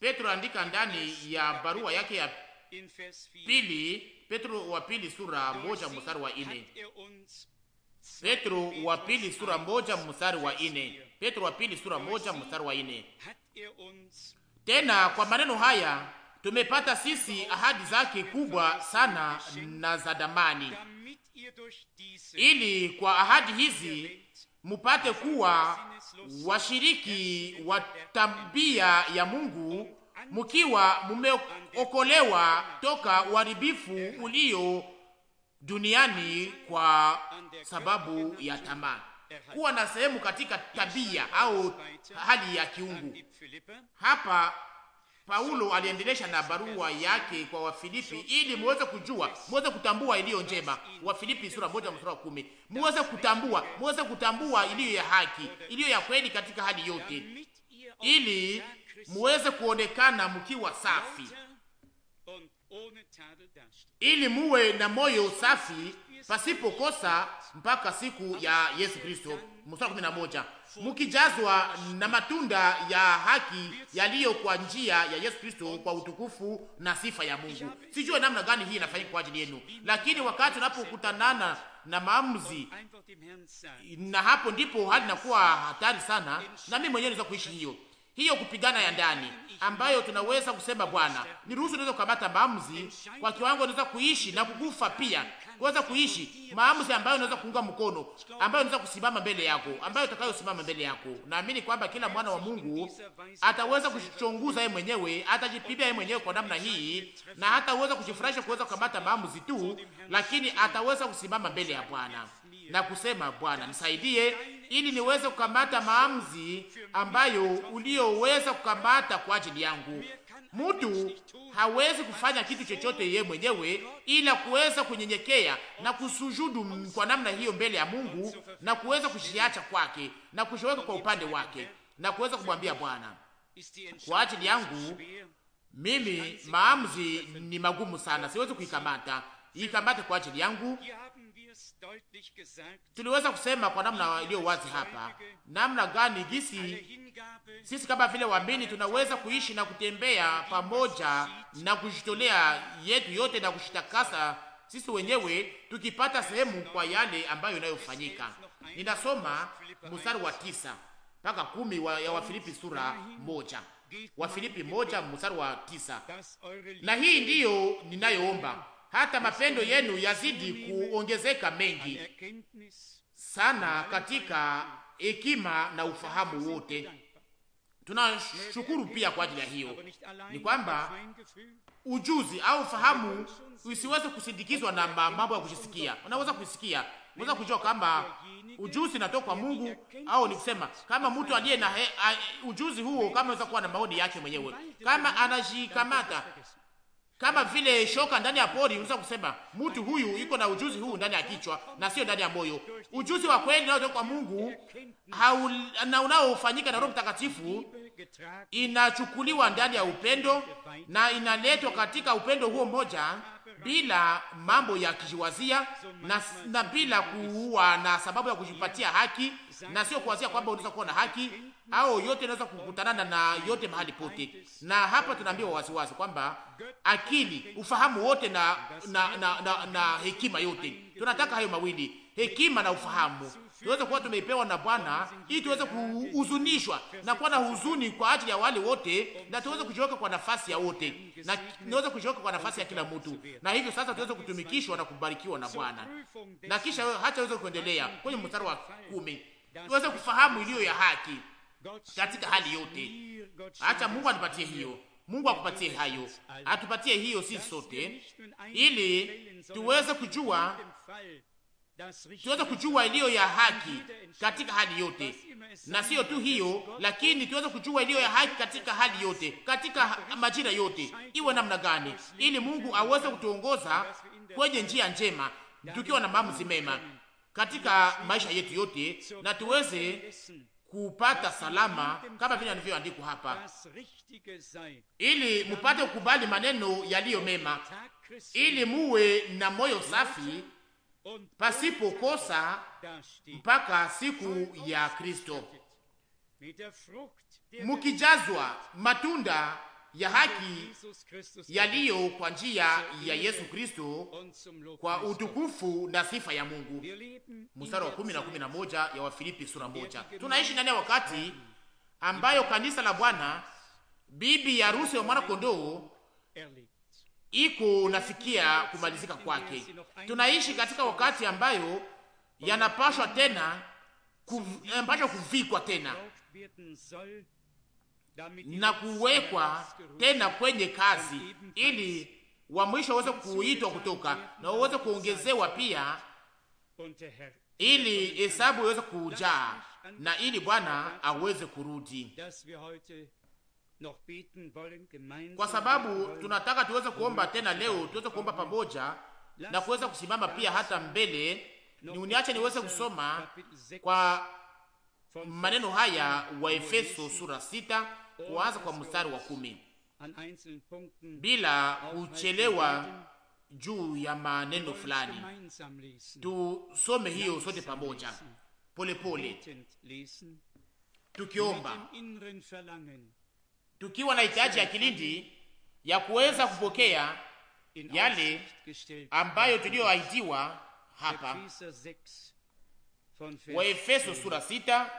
Petro aliandika ndani ya barua yake ya pili Petro wa pili sura moja mstari wa ine. Petro wa pili sura moja mstari wa ine. Petro wa pili sura moja mstari wa ine. Tena kwa maneno haya tumepata sisi ahadi zake kubwa sana na za damani, ili kwa ahadi hizi mupate kuwa washiriki wa tabia ya Mungu mkiwa mumeokolewa toka uharibifu ulio duniani kwa sababu ya tamaa. Kuwa na sehemu katika tabia au hali ya kiungu. Hapa Paulo aliendelesha na barua yake kwa Wafilipi ili muweze kujua, muweze kutambua iliyo njema. Wafilipi sura moja mstari wa kumi. Muweze kutambua, muweze kutambua iliyo ya haki, iliyo ya kweli katika hali yote, ili muweze kuonekana mkiwa safi, ili muwe na moyo safi pasipo kosa mpaka siku ya Yesu Kristo. Mstari kumi na moja, mukijazwa na matunda ya haki yaliyo kwa njia ya Yesu Kristo kwa utukufu na sifa ya Mungu. Sijue namna gani hii inafanyika kwa ajili yenu, lakini wakati unapokutanana na maamuzi, na hapo ndipo hali inakuwa hatari sana, na mimi mwenyewe naweza kuishi hiyo hiyo kupigana ya ndani ambayo tunaweza kusema Bwana, niruhusu niweze kukamata maamuzi kwa kiwango, naweza kuishi na kukufa pia, kuweza kuishi maamuzi ambayo naweza kuunga mkono, ambayo naweza kusimama mbele yako, ambayo utakayosimama mbele yako. Naamini kwamba kila mwana wa Mungu ataweza kuchunguza yeye mwenyewe, atajipibia yeye mwenyewe kwa namna hii, na hataweza kujifurahisha kuweza kukamata maamuzi tu, lakini ataweza kusimama mbele ya Bwana na kusema, Bwana nisaidie ili niweze kukamata maamuzi ambayo uliyoweza kukamata kwa ajili yangu. Mtu hawezi kufanya kitu chochote yeye mwenyewe, ila kuweza kunyenyekea na kusujudu kwa namna hiyo mbele ya Mungu na kuweza kushiacha kwake na kushoweka kwa upande wake na kuweza kumwambia Bwana, kwa ajili yangu mimi maamuzi ni magumu sana, siwezi kuikamata ikamate kwa ajili yangu, tuliweza kusema kwa namna iliyo wazi hapa, namna gani gisi sisi kama vile waamini tunaweza kuishi na kutembea pamoja na kujitolea yetu yote na kushitakasa sisi wenyewe, tukipata sehemu kwa yale ambayo inayofanyika. Ninasoma mstari wa tisa mpaka kumi wa, ya Wafilipi sura moja, Wafilipi moja mstari wa tisa. Na hii ndiyo ninayoomba hata mapendo yenu yazidi kuongezeka mengi sana katika hekima na ufahamu wote. Tunashukuru pia kwa ajili ya hiyo, ni kwamba ujuzi au ufahamu usiweze kusindikizwa na mambo ya kujisikia. Unaweza kuisikia, unaweza kujua kama ujuzi natoka kwa Mungu, au ni kusema kama mtu aliye na he, a, ujuzi huo, kama anaweza kuwa na maoni yake mwenyewe, kama anajikamata kama vile shoka ndani ya pori. Unaweza kusema mtu huyu iko na ujuzi huu ndani ya kichwa na sio ndani ya moyo. Ujuzi wa kweli unaotoka kwa Mungu haul, na unaofanyika na Roho Mtakatifu inachukuliwa ndani ya upendo na inaletwa katika upendo huo mmoja, bila mambo ya kijiwazia na, na bila kuua na sababu ya kujipatia haki na sio kuanzia kwamba unaweza kuwa na haki au yote inaweza kukutanana na yote mahali pote. Na hapa tunaambiwa waziwazi kwamba akili, ufahamu wote na na, na, na, na hekima yote, tunataka hayo mawili, hekima na ufahamu tuweze kuwa tumeipewa na Bwana ili tuweze kuhuzunishwa na kuwa na huzuni kwa ajili ya wale wote, na tuweze kujiweka kwa nafasi ya wote, na niweze kujiweka kwa nafasi ya kila mtu, na hivyo sasa tuweze kutumikishwa na kubarikiwa na Bwana. Na kisha hata weze kuendelea kwenye mstari wa kumi tuweze kufahamu iliyo ya haki katika hali yote. Acha Mungu anipatie hiyo, Mungu akupatie hayo, atupatie hiyo sisi sote, ili tuweze kujua tuweze kujua iliyo ya haki katika hali yote, na sio tu hiyo, lakini tuweze kujua iliyo ya haki katika hali yote, katika majira yote, iwe namna gani, ili Mungu aweze kutuongoza kwenye njia njema, tukiwa na maamuzi mema, katika maisha yetu yote, na tuweze kupata salama kama vile alivyoandikwa hapa, ili mupate kukubali maneno yaliyo mema, ili muwe na moyo safi pasipo kosa mpaka siku ya Kristo, mukijazwa matunda ya haki yaliyo kwa njia ya Yesu Kristo kwa utukufu na sifa ya Mungu. Mstari wa kumi na kumi na moja ya Wafilipi sura moja. Tunaishi ndani ya wakati ambayo kanisa la Bwana, bibi ya harusi ya mwana kondoo, iko nafikia kumalizika kwake. Tunaishi katika wakati ambayo yanapashwa tena kuv, yanapashwa kuvikwa tena na kuwekwa tena kwenye kazi, ili wa mwisho waweze kuitwa kutoka na waweze kuongezewa pia, ili hesabu iweze kujaa na ili Bwana aweze kurudi. Kwa sababu tunataka tuweze kuomba tena leo, tuweze kuomba pamoja na kuweza kusimama pia hata mbele. Ni uniache niweze kusoma kwa maneno haya wa Efeso sura sita kuanza kwa mstari wa kumi bila kuchelewa juu ya maneno fulani. Tusome hiyo sote pamoja polepole, tukiomba tukiwa na hitaji ya kilindi ya kuweza kupokea yale ambayo tuliyoahidiwa hapa. Waefeso sura sita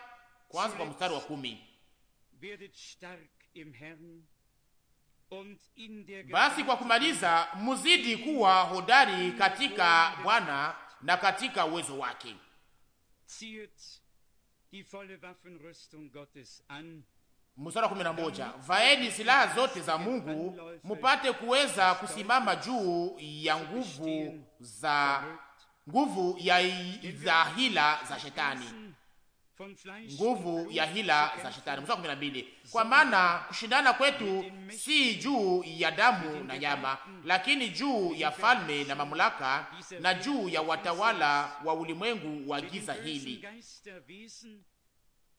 kwanza kwa mstari wa kumi. Basi kwa kumaliza, muzidi kuwa hodari katika Bwana na katika uwezo wake. Musara kumi na moja, vaeni silaha zote za Mungu mupate kuweza kusimama juu ya nguvu za nguvu ya za hila za shetani nguvu ya hila za shetani. Mstari kumi na mbili, kwa maana kushindana kwetu si juu ya damu na nyama, lakini juu ya falme na mamlaka na juu ya watawala wa ulimwengu wa giza hili,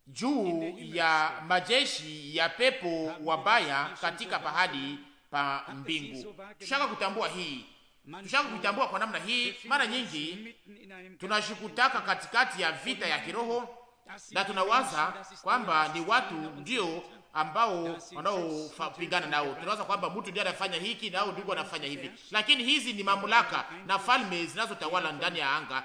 juu ya majeshi ya pepo wabaya katika pahali pa mbingu. Tushaka kutambua hii tushaka kuitambua kwa namna hii. Mara nyingi tunashikutaka katikati ya vita ya kiroho na tunawaza kwamba ni watu ndio ambao wanaopigana nao. Tunawaza kwamba mtu ndiye anafanya hiki nao ndugu anafanya hivi, lakini hizi ni mamlaka na falme zinazotawala ndani ya anga,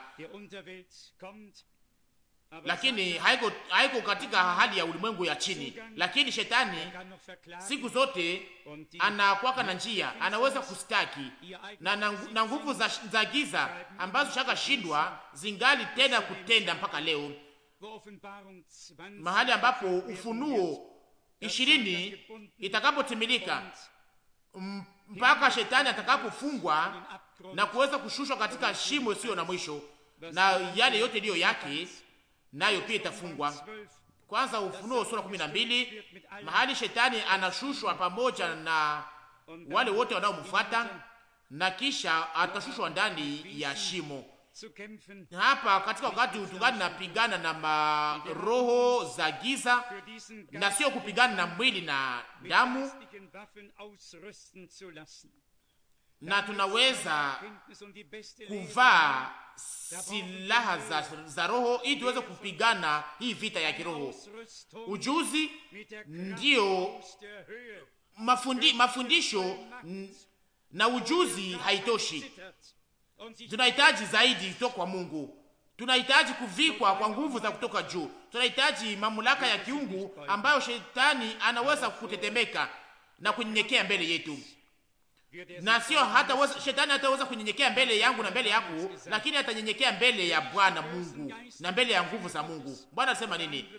lakini haiko haiko katika hali ya ulimwengu ya chini. Lakini shetani siku zote anakwaka na njia, anaweza kustaki na na nguvu za, za giza ambazo shaka shindwa zingali tena kutenda mpaka leo mahali ambapo Ufunuo ishirini itakapotimilika mpaka shetani atakapofungwa na kuweza kushushwa katika shimo isiyo na mwisho, na yale yote iliyo yake nayo pia itafungwa. Kwanza Ufunuo sura kumi na mbili mahali shetani anashushwa pamoja na wale wote wanaomfuata na kisha atashushwa ndani ya shimo hapa katika wakati utungali napigana na maroho za giza na sio kupigana na mwili na damu, na tunaweza kuvaa silaha za, za roho ili tuweze kupigana hii vita ya kiroho. Ujuzi ndiyo mafundi, mafundisho na ujuzi haitoshi Tunahitaji zaidi kutoka kwa Mungu, tunahitaji kuvikwa kwa nguvu za kutoka juu, tunahitaji mamlaka ya kiungu ambayo shetani anaweza kutetemeka na kunyenyekea mbele yetu, na sio hata weza, shetani hataweza kunyenyekea mbele yangu na mbele yako, lakini atanyenyekea mbele ya Bwana Mungu na mbele ya nguvu za Mungu. Bwana anasema nini?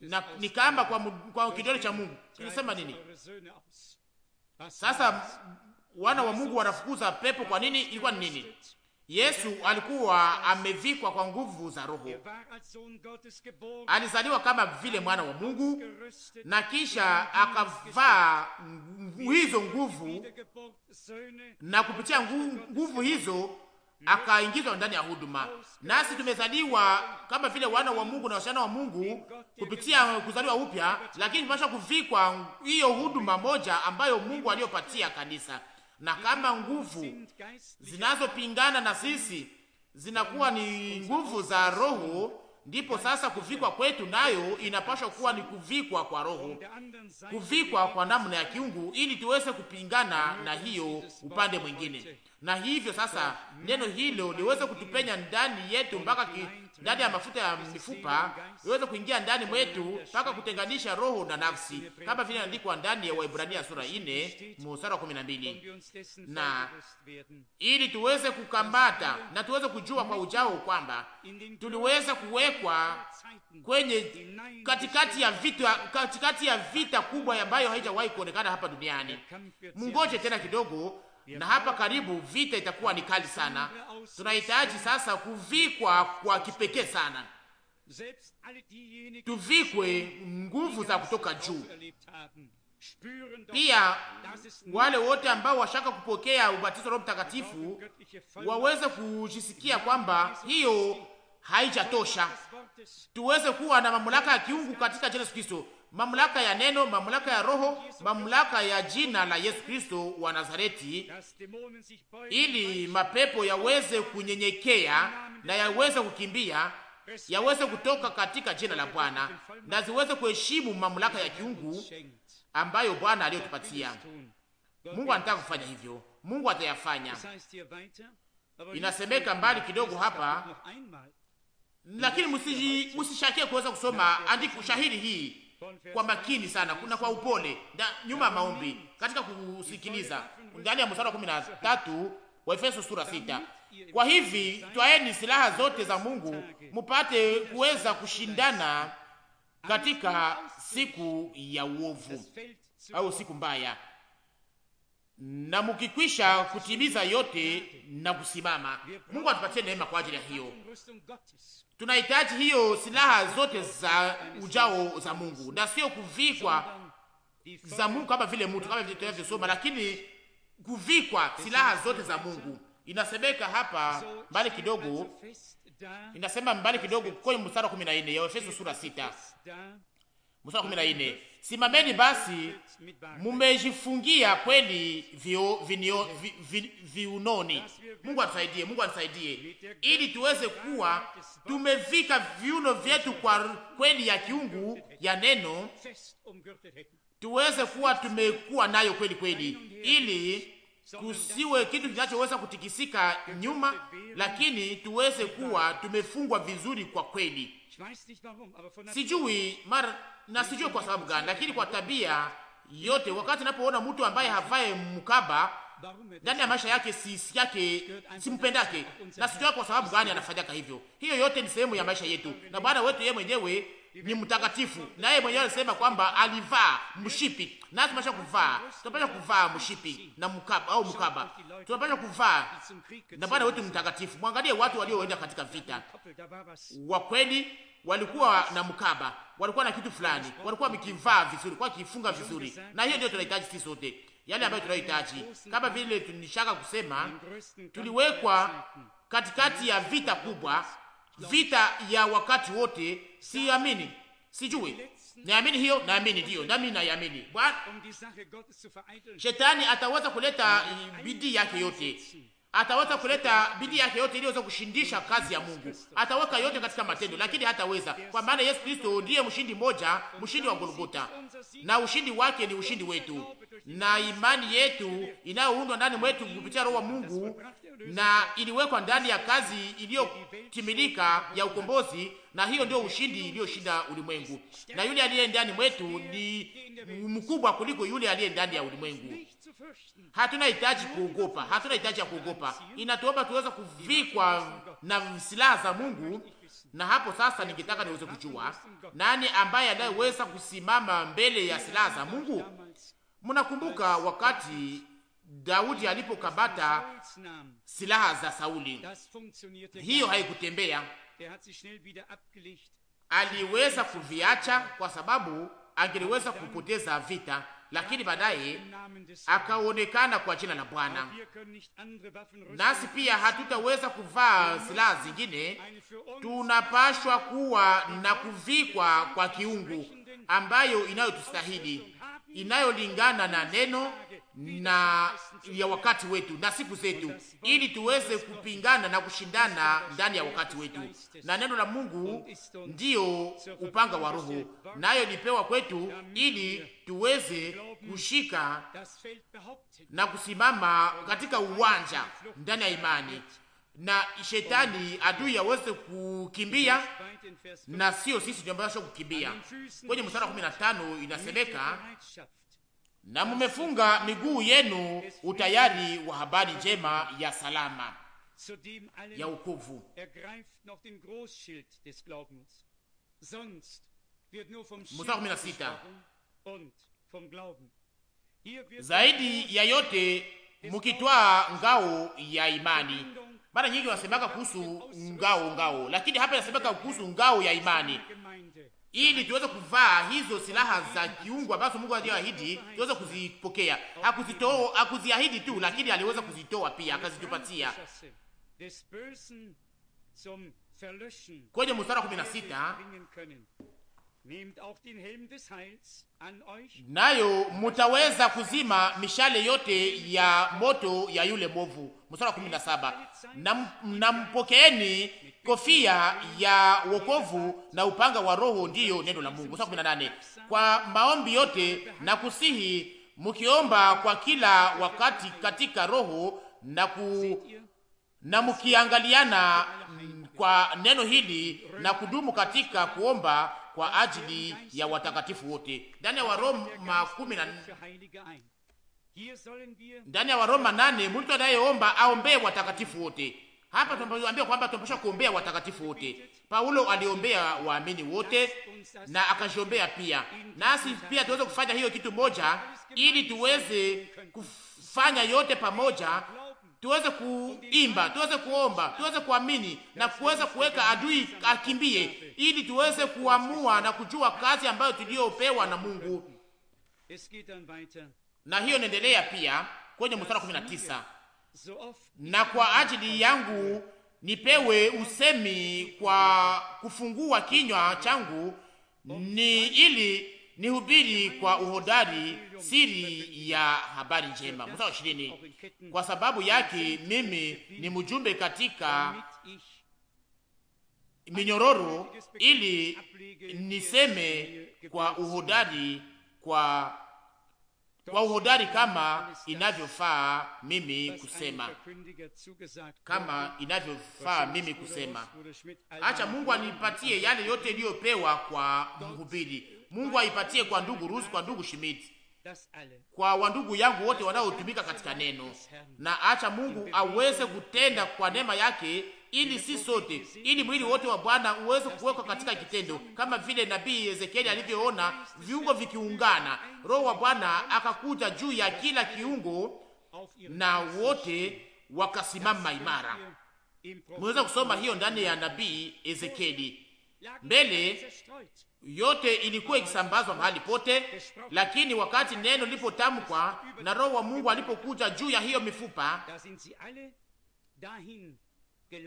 Na ni kamba kwa, kwa kidole cha Mungu kinasema nini sasa? wana wa Mungu wanafukuza pepo. Kwa nini? Ilikuwa ni nini? Yesu alikuwa amevikwa kwa nguvu za Roho, alizaliwa kama vile mwana wa Mungu na kisha akavaa hizo nguvu, na kupitia nguvu hizo akaingizwa ndani ya huduma. Nasi tumezaliwa kama vile wana wa Mungu na wasichana wa Mungu kupitia kuzaliwa upya, lakini tunapaswa kuvikwa hiyo huduma moja ambayo Mungu aliyopatia kanisa na kama nguvu zinazopingana na sisi zinakuwa ni nguvu za Roho, ndipo sasa kuvikwa kwetu nayo inapaswa kuwa ni kuvikwa kwa Roho, kuvikwa kwa namna ya kiungu, ili tuweze kupingana na hiyo upande mwingine. Na hivyo sasa neno hilo liweze kutupenya ndani yetu mpaka ndani ya mafuta ya mifupa iweze kuingia ndani mwetu mpaka kutenganisha roho na nafsi, kama vile inaandikwa ndani ya Waebrania sura ine mstari wa kumi mbili, na ili tuweze kukambata na tuweze kujua kwa ujao kwamba tuliweza kuwekwa kwenye katikati ya vita, katikati ya vita kubwa ambayo haijawahi kuonekana hapa duniani. Mungoje tena kidogo na hapa karibu vita itakuwa ni kali sana. Tunahitaji sasa kuvikwa kwa kipekee sana, tuvikwe nguvu za kutoka juu. Pia wale wote ambao washaka kupokea ubatizo Roho Mtakatifu waweze kujisikia kwamba hiyo haijatosha, tuweze kuwa na mamlaka ya kiungu katika Yesu Kristo mamlaka ya neno, mamlaka ya Roho, mamlaka ya jina la Yesu Kristo wa Nazareti, ili mapepo yaweze kunyenyekea na yaweze kukimbia, yaweze kutoka katika jina la Bwana na ziweze kuheshimu mamlaka ya kiungu ambayo Bwana aliyotupatia. Mungu anataka kufanya hivyo, Mungu atayafanya. Inasemeka mbali kidogo hapa, lakini msishakie kuweza kusoma andiko shahidi hii kwa makini sana na kwa upole na nyuma ya maombi katika kusikiliza, ndani ya mstari wa kumi na tatu wa Efeso sura sita. Kwa hivi twaeni silaha zote za Mungu mupate kuweza kushindana katika siku ya uovu au siku mbaya, na mukikwisha kutimiza yote na kusimama. Mungu atupatie neema kwa ajili ya hiyo tunahitaji hiyo silaha zote za ujao za Mungu na sio kuvikwa za Mungu kama vile mtu kama vile tunavyosoma, lakini kuvikwa silaha zote za Mungu. Inasemeka hapa mbali kidogo, inasema mbali kidogo kwenye mstari wa 14 ya Efeso sura 6 mstari wa 14 Simameni basi, mumejifungia kweli viunoni vi, vi, vi. Mungu atusaidie, Mungu atusaidie, ili tuweze kuwa tumevika viuno vyetu kwa kweli ya kiungu ya neno, tuweze kuwa tumekuwa nayo kweli kweli, ili kusiwe kitu kinachoweza kutikisika nyuma, lakini tuweze kuwa tumefungwa vizuri kwa kweli. Sijui mara na sijui kwa sababu gani, lakini kwa tabia yote, wakati napoona mtu ambaye havae mkaba ndani ya maisha yake si yake simpendake, na sijui kwa sababu gani anafanyaka hivyo. Hiyo yote ni sehemu ya maisha yetu, na Bwana wetu yeye mwenyewe ni mtakatifu, na yeye mwenyewe alisema kwamba alivaa mshipi, na tunapaswa kuvaa, tunapaswa kuvaa mshipi na mkaba au mkaba, tunapaswa kuvaa. Na Bwana wetu mtakatifu, mwangalie watu walioenda katika vita wa kweli walikuwa na mkaba, walikuwa na kitu fulani, walikuwa wamekivaa vizuri, kwa kifunga vizuri, na hiyo ndio tunahitaji sisi sote, yale ambayo tunahitaji. Kama vile tunishaka kusema, tuliwekwa katikati ya vita kubwa, vita ya wakati wote. Siamini, sijui Naamini hiyo, naamini ndiyo, nami naamini Bwana um shetani ataweza kuleta eh, bidii yake yote ataweza kuleta bidii yake yote ili aweze kushindisha kazi ya Mungu. Ataweka yote katika matendo, lakini hataweza, kwa maana Yesu Kristo ndiye mshindi moja, mshindi wa Golgotha, na ushindi wake ni ushindi wetu, na imani yetu inayoundwa ndani mwetu kupitia Roho wa Mungu na iliwekwa ndani ya kazi iliyotimilika ya ukombozi, na hiyo ndio ushindi iliyoshinda ulimwengu, na yule aliye ndani mwetu ni mkubwa kuliko yule aliye ndani ya ulimwengu. Hatuna hitaji kuogopa, hatuna hitaji ya kuogopa. Inatuomba tuweze kuvikwa na silaha za Mungu. Na hapo sasa, ningetaka niweze kujua nani ambaye anayeweza kusimama mbele ya silaha za Mungu. Mnakumbuka wakati Daudi alipokabata silaha za Sauli, hiyo haikutembea, aliweza kuviacha kwa sababu angeliweza kupoteza vita lakini baadaye akaonekana kwa jina la Bwana. Nasi pia hatutaweza kuvaa silaha zingine, tunapashwa kuwa na kuvikwa kwa kiungu ambayo inayotustahili inayolingana na neno na ya wakati wetu na siku zetu, ili tuweze kupingana na kushindana ndani ya wakati wetu. Na neno la Mungu ndiyo upanga wa Roho, nayo lipewa kwetu ili tuweze kushika na kusimama katika uwanja ndani ya imani, na shetani adui aweze kukimbia, na sio sisi ndio ambao kukimbia. Kwenye mstari wa 15 inasemeka na mumefunga miguu yenu utayari wa habari njema ya salama ya ukovu. Zaidi ya yote mukitwaa ngao ya imani. Mara nyingi wanasemaka kuhusu ngao ngao, lakini hapa inasemeka kuhusu ngao ya imani ili tuweze kuvaa hizo silaha za kiungu ambazo Mungu aliyoahidi tuweze kuzipokea. Hakuzitoa, hakuziahidi tu, lakini aliweza kuzitoa pia akazitupatia. Kwenye mstari wa 16 nayo mutaweza kuzima mishale yote ya moto ya yule movu. Mstari wa 17 na mpokeeni kofia ya wokovu na upanga wa Roho ndiyo neno la Mungu. Sura nane Kwa maombi yote na kusihi mkiomba kwa kila wakati katika Roho na ku na mkiangaliana mm, kwa neno hili na kudumu katika kuomba kwa ajili ya watakatifu wote. Ndani ya Waroma kumi na ndani ya Waroma nane, mtu anayeomba aombee watakatifu wote. Hapa tunaambiwa kwamba tunapaswa kuombea watakatifu wote. Paulo aliombea waamini wote na akajiombea pia, nasi pia tuweze kufanya hiyo kitu moja, ili tuweze kufanya yote pamoja, tuweze kuimba, tuweze kuomba, tuweze kuamini na kuweza kuweka adui akimbie, ili tuweze kuamua na kujua kazi ambayo tuliyopewa na Mungu. Na hiyo inaendelea pia kwenye mstari wa 19 na kwa ajili yangu nipewe usemi kwa kufungua kinywa changu, ni ili nihubiri kwa uhodari siri ya habari njema. Mstari wa ishirini: kwa sababu yake mimi ni mjumbe katika minyororo, ili niseme kwa uhodari kwa kwa uhodari kama inavyofaa mimi kusema, kama inavyofaa mimi kusema. Acha Mungu anipatie yale yote iliyopewa kwa mhubiri. Mungu aipatie kwa ndugu Rusi, kwa ndugu Schmidt, kwa wandugu yangu wote wanaotumika katika neno, na acha Mungu aweze kutenda kwa neema yake ili si sote, ili mwili wote wa Bwana uweze kuwekwa katika kitendo, kama vile nabii Ezekieli alivyoona viungo vikiungana. Roho wa Bwana akakuja juu ya kila kiungo na wote wakasimama imara. Mweza kusoma hiyo ndani ya nabii Ezekieli. Mbele yote ilikuwa ikisambazwa mahali pote, lakini wakati neno lilipotamkwa na roho wa Mungu alipokuja juu ya hiyo mifupa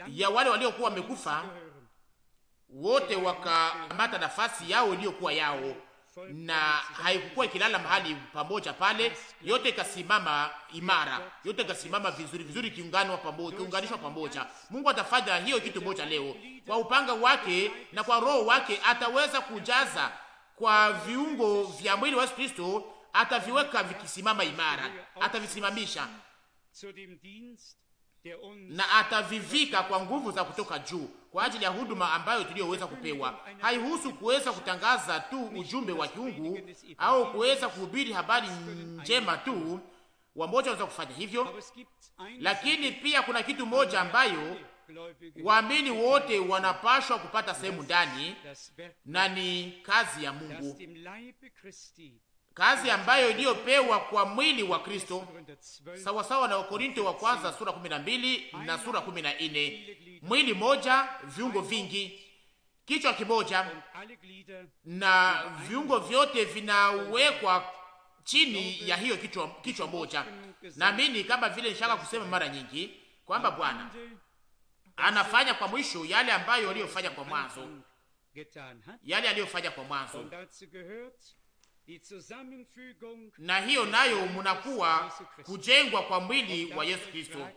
ya wale waliokuwa wamekufa wote wakamata nafasi yao iliyokuwa yao, na haikukuwa ikilala mahali pamoja pale. Yote ikasimama imara, yote ikasimama vizuri vizuri, kiunganwa pamoja, kiunganishwa pamoja. Mungu atafanya hiyo kitu moja leo kwa upanga wake na kwa roho wake, ataweza kujaza kwa viungo vya mwili wa Yesu Kristo, ataviweka vikisimama imara, atavisimamisha na atavivika kwa nguvu za kutoka juu kwa ajili ya huduma ambayo tuliyoweza kupewa. Haihusu kuweza kutangaza tu ujumbe wa kiungu au kuweza kuhubiri habari njema tu, wamoja wanaweza kufanya hivyo, lakini pia kuna kitu moja ambayo waamini wote wanapashwa kupata sehemu ndani, na ni kazi ya Mungu kazi ambayo iliyopewa kwa mwili wa Kristo, sawasawa na Wakorinto wa kwanza sura 12 na sura 14. Mwili moja, viungo vingi, kichwa kimoja, na viungo vyote vinawekwa chini ya hiyo kichwa, kichwa moja. Naamini kama vile nishaka kusema mara nyingi kwamba Bwana anafanya kwa mwisho yale ambayo aliyofanya kwa mwanzo, yale aliyofanya kwa mwanzo na hiyo nayo munakuwa kujengwa kwa mwili wa Yesu Kristo.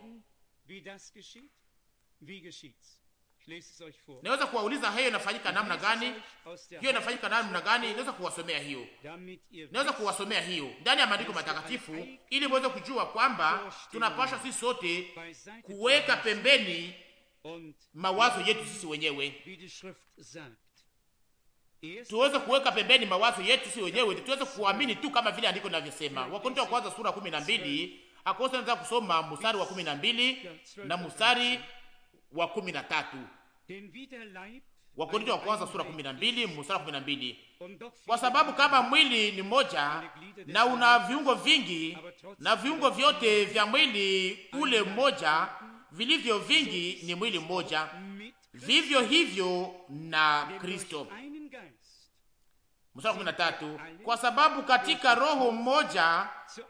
Naweza kuwauliza hiyo inafanyika namna gani? Hiyo inafanyika namna gani? Naweza kuwasomea hiyo, naweza kuwasomea hiyo ndani ya maandiko matakatifu, ili muweze kujua kwamba tunapaswa sisi sote kuweka pembeni mawazo yetu sisi wenyewe tuweze kuweka pembeni mawazo yetu si wenyewe, tuweze kuamini tu kama vile andiko linavyosema. Wakorintho wa kwanza sura kumi na mbili akose naweza kusoma mstari wa kumi na mbili na mstari wa kumi na tatu Wakorintho wa kwanza sura kumi na mbili mstari wa kumi na mbili Kwa sababu kama mwili ni moja na una viungo vingi, na viungo vyote vya mwili ule mmoja vilivyo vingi ni mwili mmoja, vivyo hivyo na Kristo. Mstari kumi na tatu, kwa sababu katika roho mmoja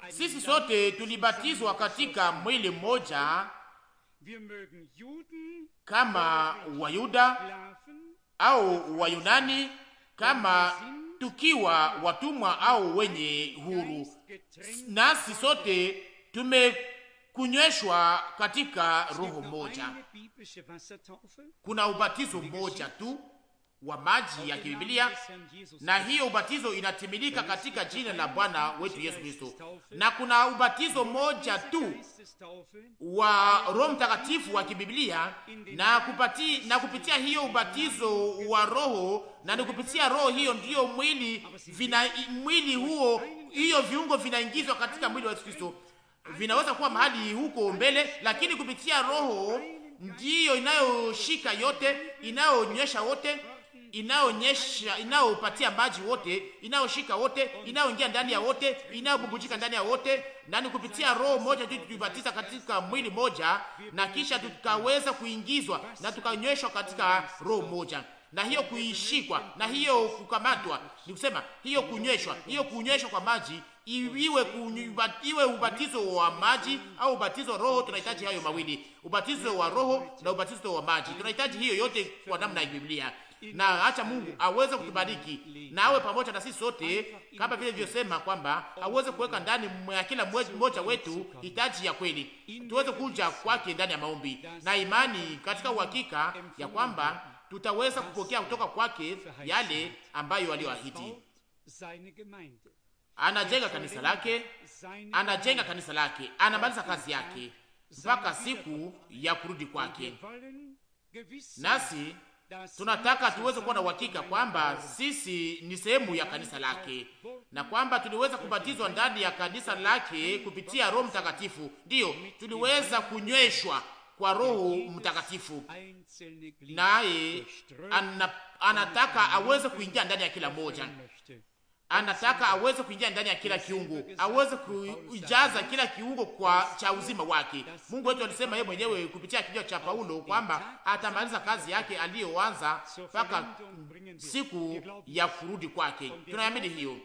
sisi sote tulibatizwa katika mwili mmoja, kama Wayuda au Wayunani, kama tukiwa watumwa au wenye huru, nasi sote tumekunyweshwa katika roho moja. Kuna ubatizo mmoja tu wa maji ya kibibilia, na hiyo ubatizo inatimilika katika jina la Bwana wetu Yesu Kristo. Na kuna ubatizo moja tu wa Roho Mtakatifu wa kibibilia, na kupati, na kupitia hiyo ubatizo wa Roho, na ni kupitia roho hiyo ndiyo mwili vina, mwili huo hiyo viungo vinaingizwa katika mwili wa Yesu Kristo. Vinaweza kuwa mahali huko mbele, lakini kupitia roho ndiyo inayoshika yote, inayoonyesha wote inaonyesha inayopatia maji wote, inayoshika wote, inayoingia ndani ya wote, inayobubujika ndani ya wote, na ni kupitia roho moja tu tulibatiza katika mwili moja, na kisha tukaweza kuingizwa na tukanyweshwa katika roho moja na hiyo kuishikwa na hiyo kukamatwa, ni kusema hiyo kunyweshwa, hiyo kunyweshwa kwa maji iwe kunyubat, iwe ubatizo wa maji au ubatizo wa roho. Tunahitaji hayo mawili, ubatizo wa roho na ubatizo wa maji. Tunahitaji hiyo yote kwa namna ya Biblia na acha Mungu aweze kutubariki na awe pamoja na sisi sote, kama vile vilivyosema kwamba aweze kuweka ndani ya kila mmoja wetu hitaji ya kweli, tuweze kuja kwake ndani ya maombi na imani, katika uhakika ya kwamba tutaweza kupokea kutoka kwake yale ambayo aliyoahidi. Anajenga kanisa lake, anajenga kanisa lake, anamaliza kazi yake mpaka siku ya kurudi kwake, nasi Tunataka tuweze kuwa na uhakika kwamba sisi ni sehemu ya kanisa lake na kwamba tuliweza kubatizwa ndani ya kanisa lake kupitia Roho Mtakatifu. Ndiyo, tuliweza kunyweshwa kwa Roho Mtakatifu, naye anataka aweze kuingia ndani ya kila moja anataka aweze kuingia ndani ya kila kiungo, aweze kuijaza kila kiungo kwa cha uzima wake. Mungu wetu alisema yeye mwenyewe kupitia kinywa cha Paulo kwamba atamaliza kazi yake aliyoanza mpaka siku ya kurudi kwake. Tunaamini hiyo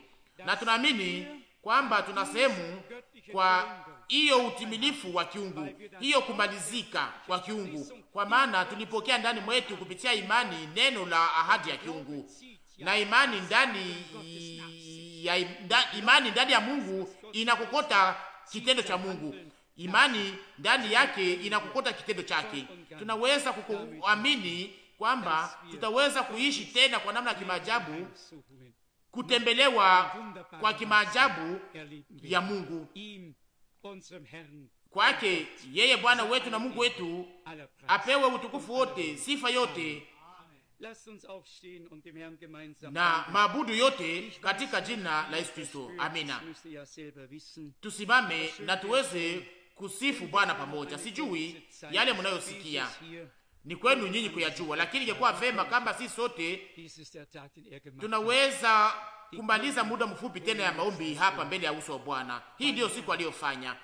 na tunaamini kwamba tuna sehemu kwa hiyo utimilifu wa kiungu, hiyo kumalizika kwa kiungu, kwa maana tulipokea ndani mwetu kupitia imani neno la ahadi ya kiungu na imani ndani ya imani ndani ya Mungu inakokota kitendo cha Mungu. Imani ndani yake inakokota kitendo chake. Tunaweza kuamini kwamba tutaweza kuishi tena kwa namna ya kimaajabu, kutembelewa kwa kimaajabu ya Mungu kwake yeye Bwana wetu na Mungu wetu apewe utukufu wote, sifa yote na maabudu yote katika jina la Yesu Kristo. Amina. Tusimame na tuweze kusifu Bwana pamoja. Sijui yale mnayosikia ni kwenu nyinyi kuyajua, lakini ingekuwa vema kama si sote er tunaweza kumaliza muda mfupi tena ya maombi hapa mbele ya uso wa Bwana. Hii ndiyo siku aliyofanya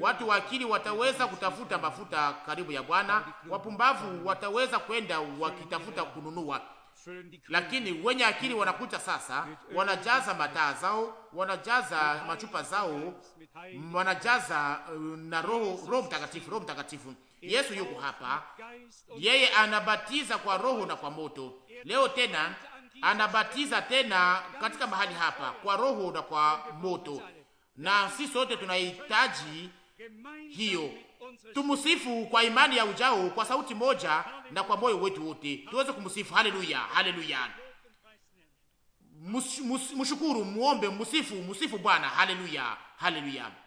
Watu wa akili wataweza kutafuta mafuta karibu ya Bwana, wapumbavu wataweza kwenda wakitafuta kununua, lakini wenye akili wanakuta sasa, wanajaza mataa zao, wanajaza machupa zao, wanajaza uh, na roho Roho Mtakatifu. Roho Mtakatifu, Yesu yuko hapa, yeye anabatiza kwa roho na kwa moto. Leo tena anabatiza tena katika mahali hapa kwa roho na kwa moto na sisi sote tunahitaji hiyo. Tumusifu kwa imani ya ujao, kwa sauti moja na kwa moyo wetu wote, tuweze kumsifu. Haleluya, haleluya! mushukuru muombe, musifu, musifu Bwana. Haleluya, haleluya.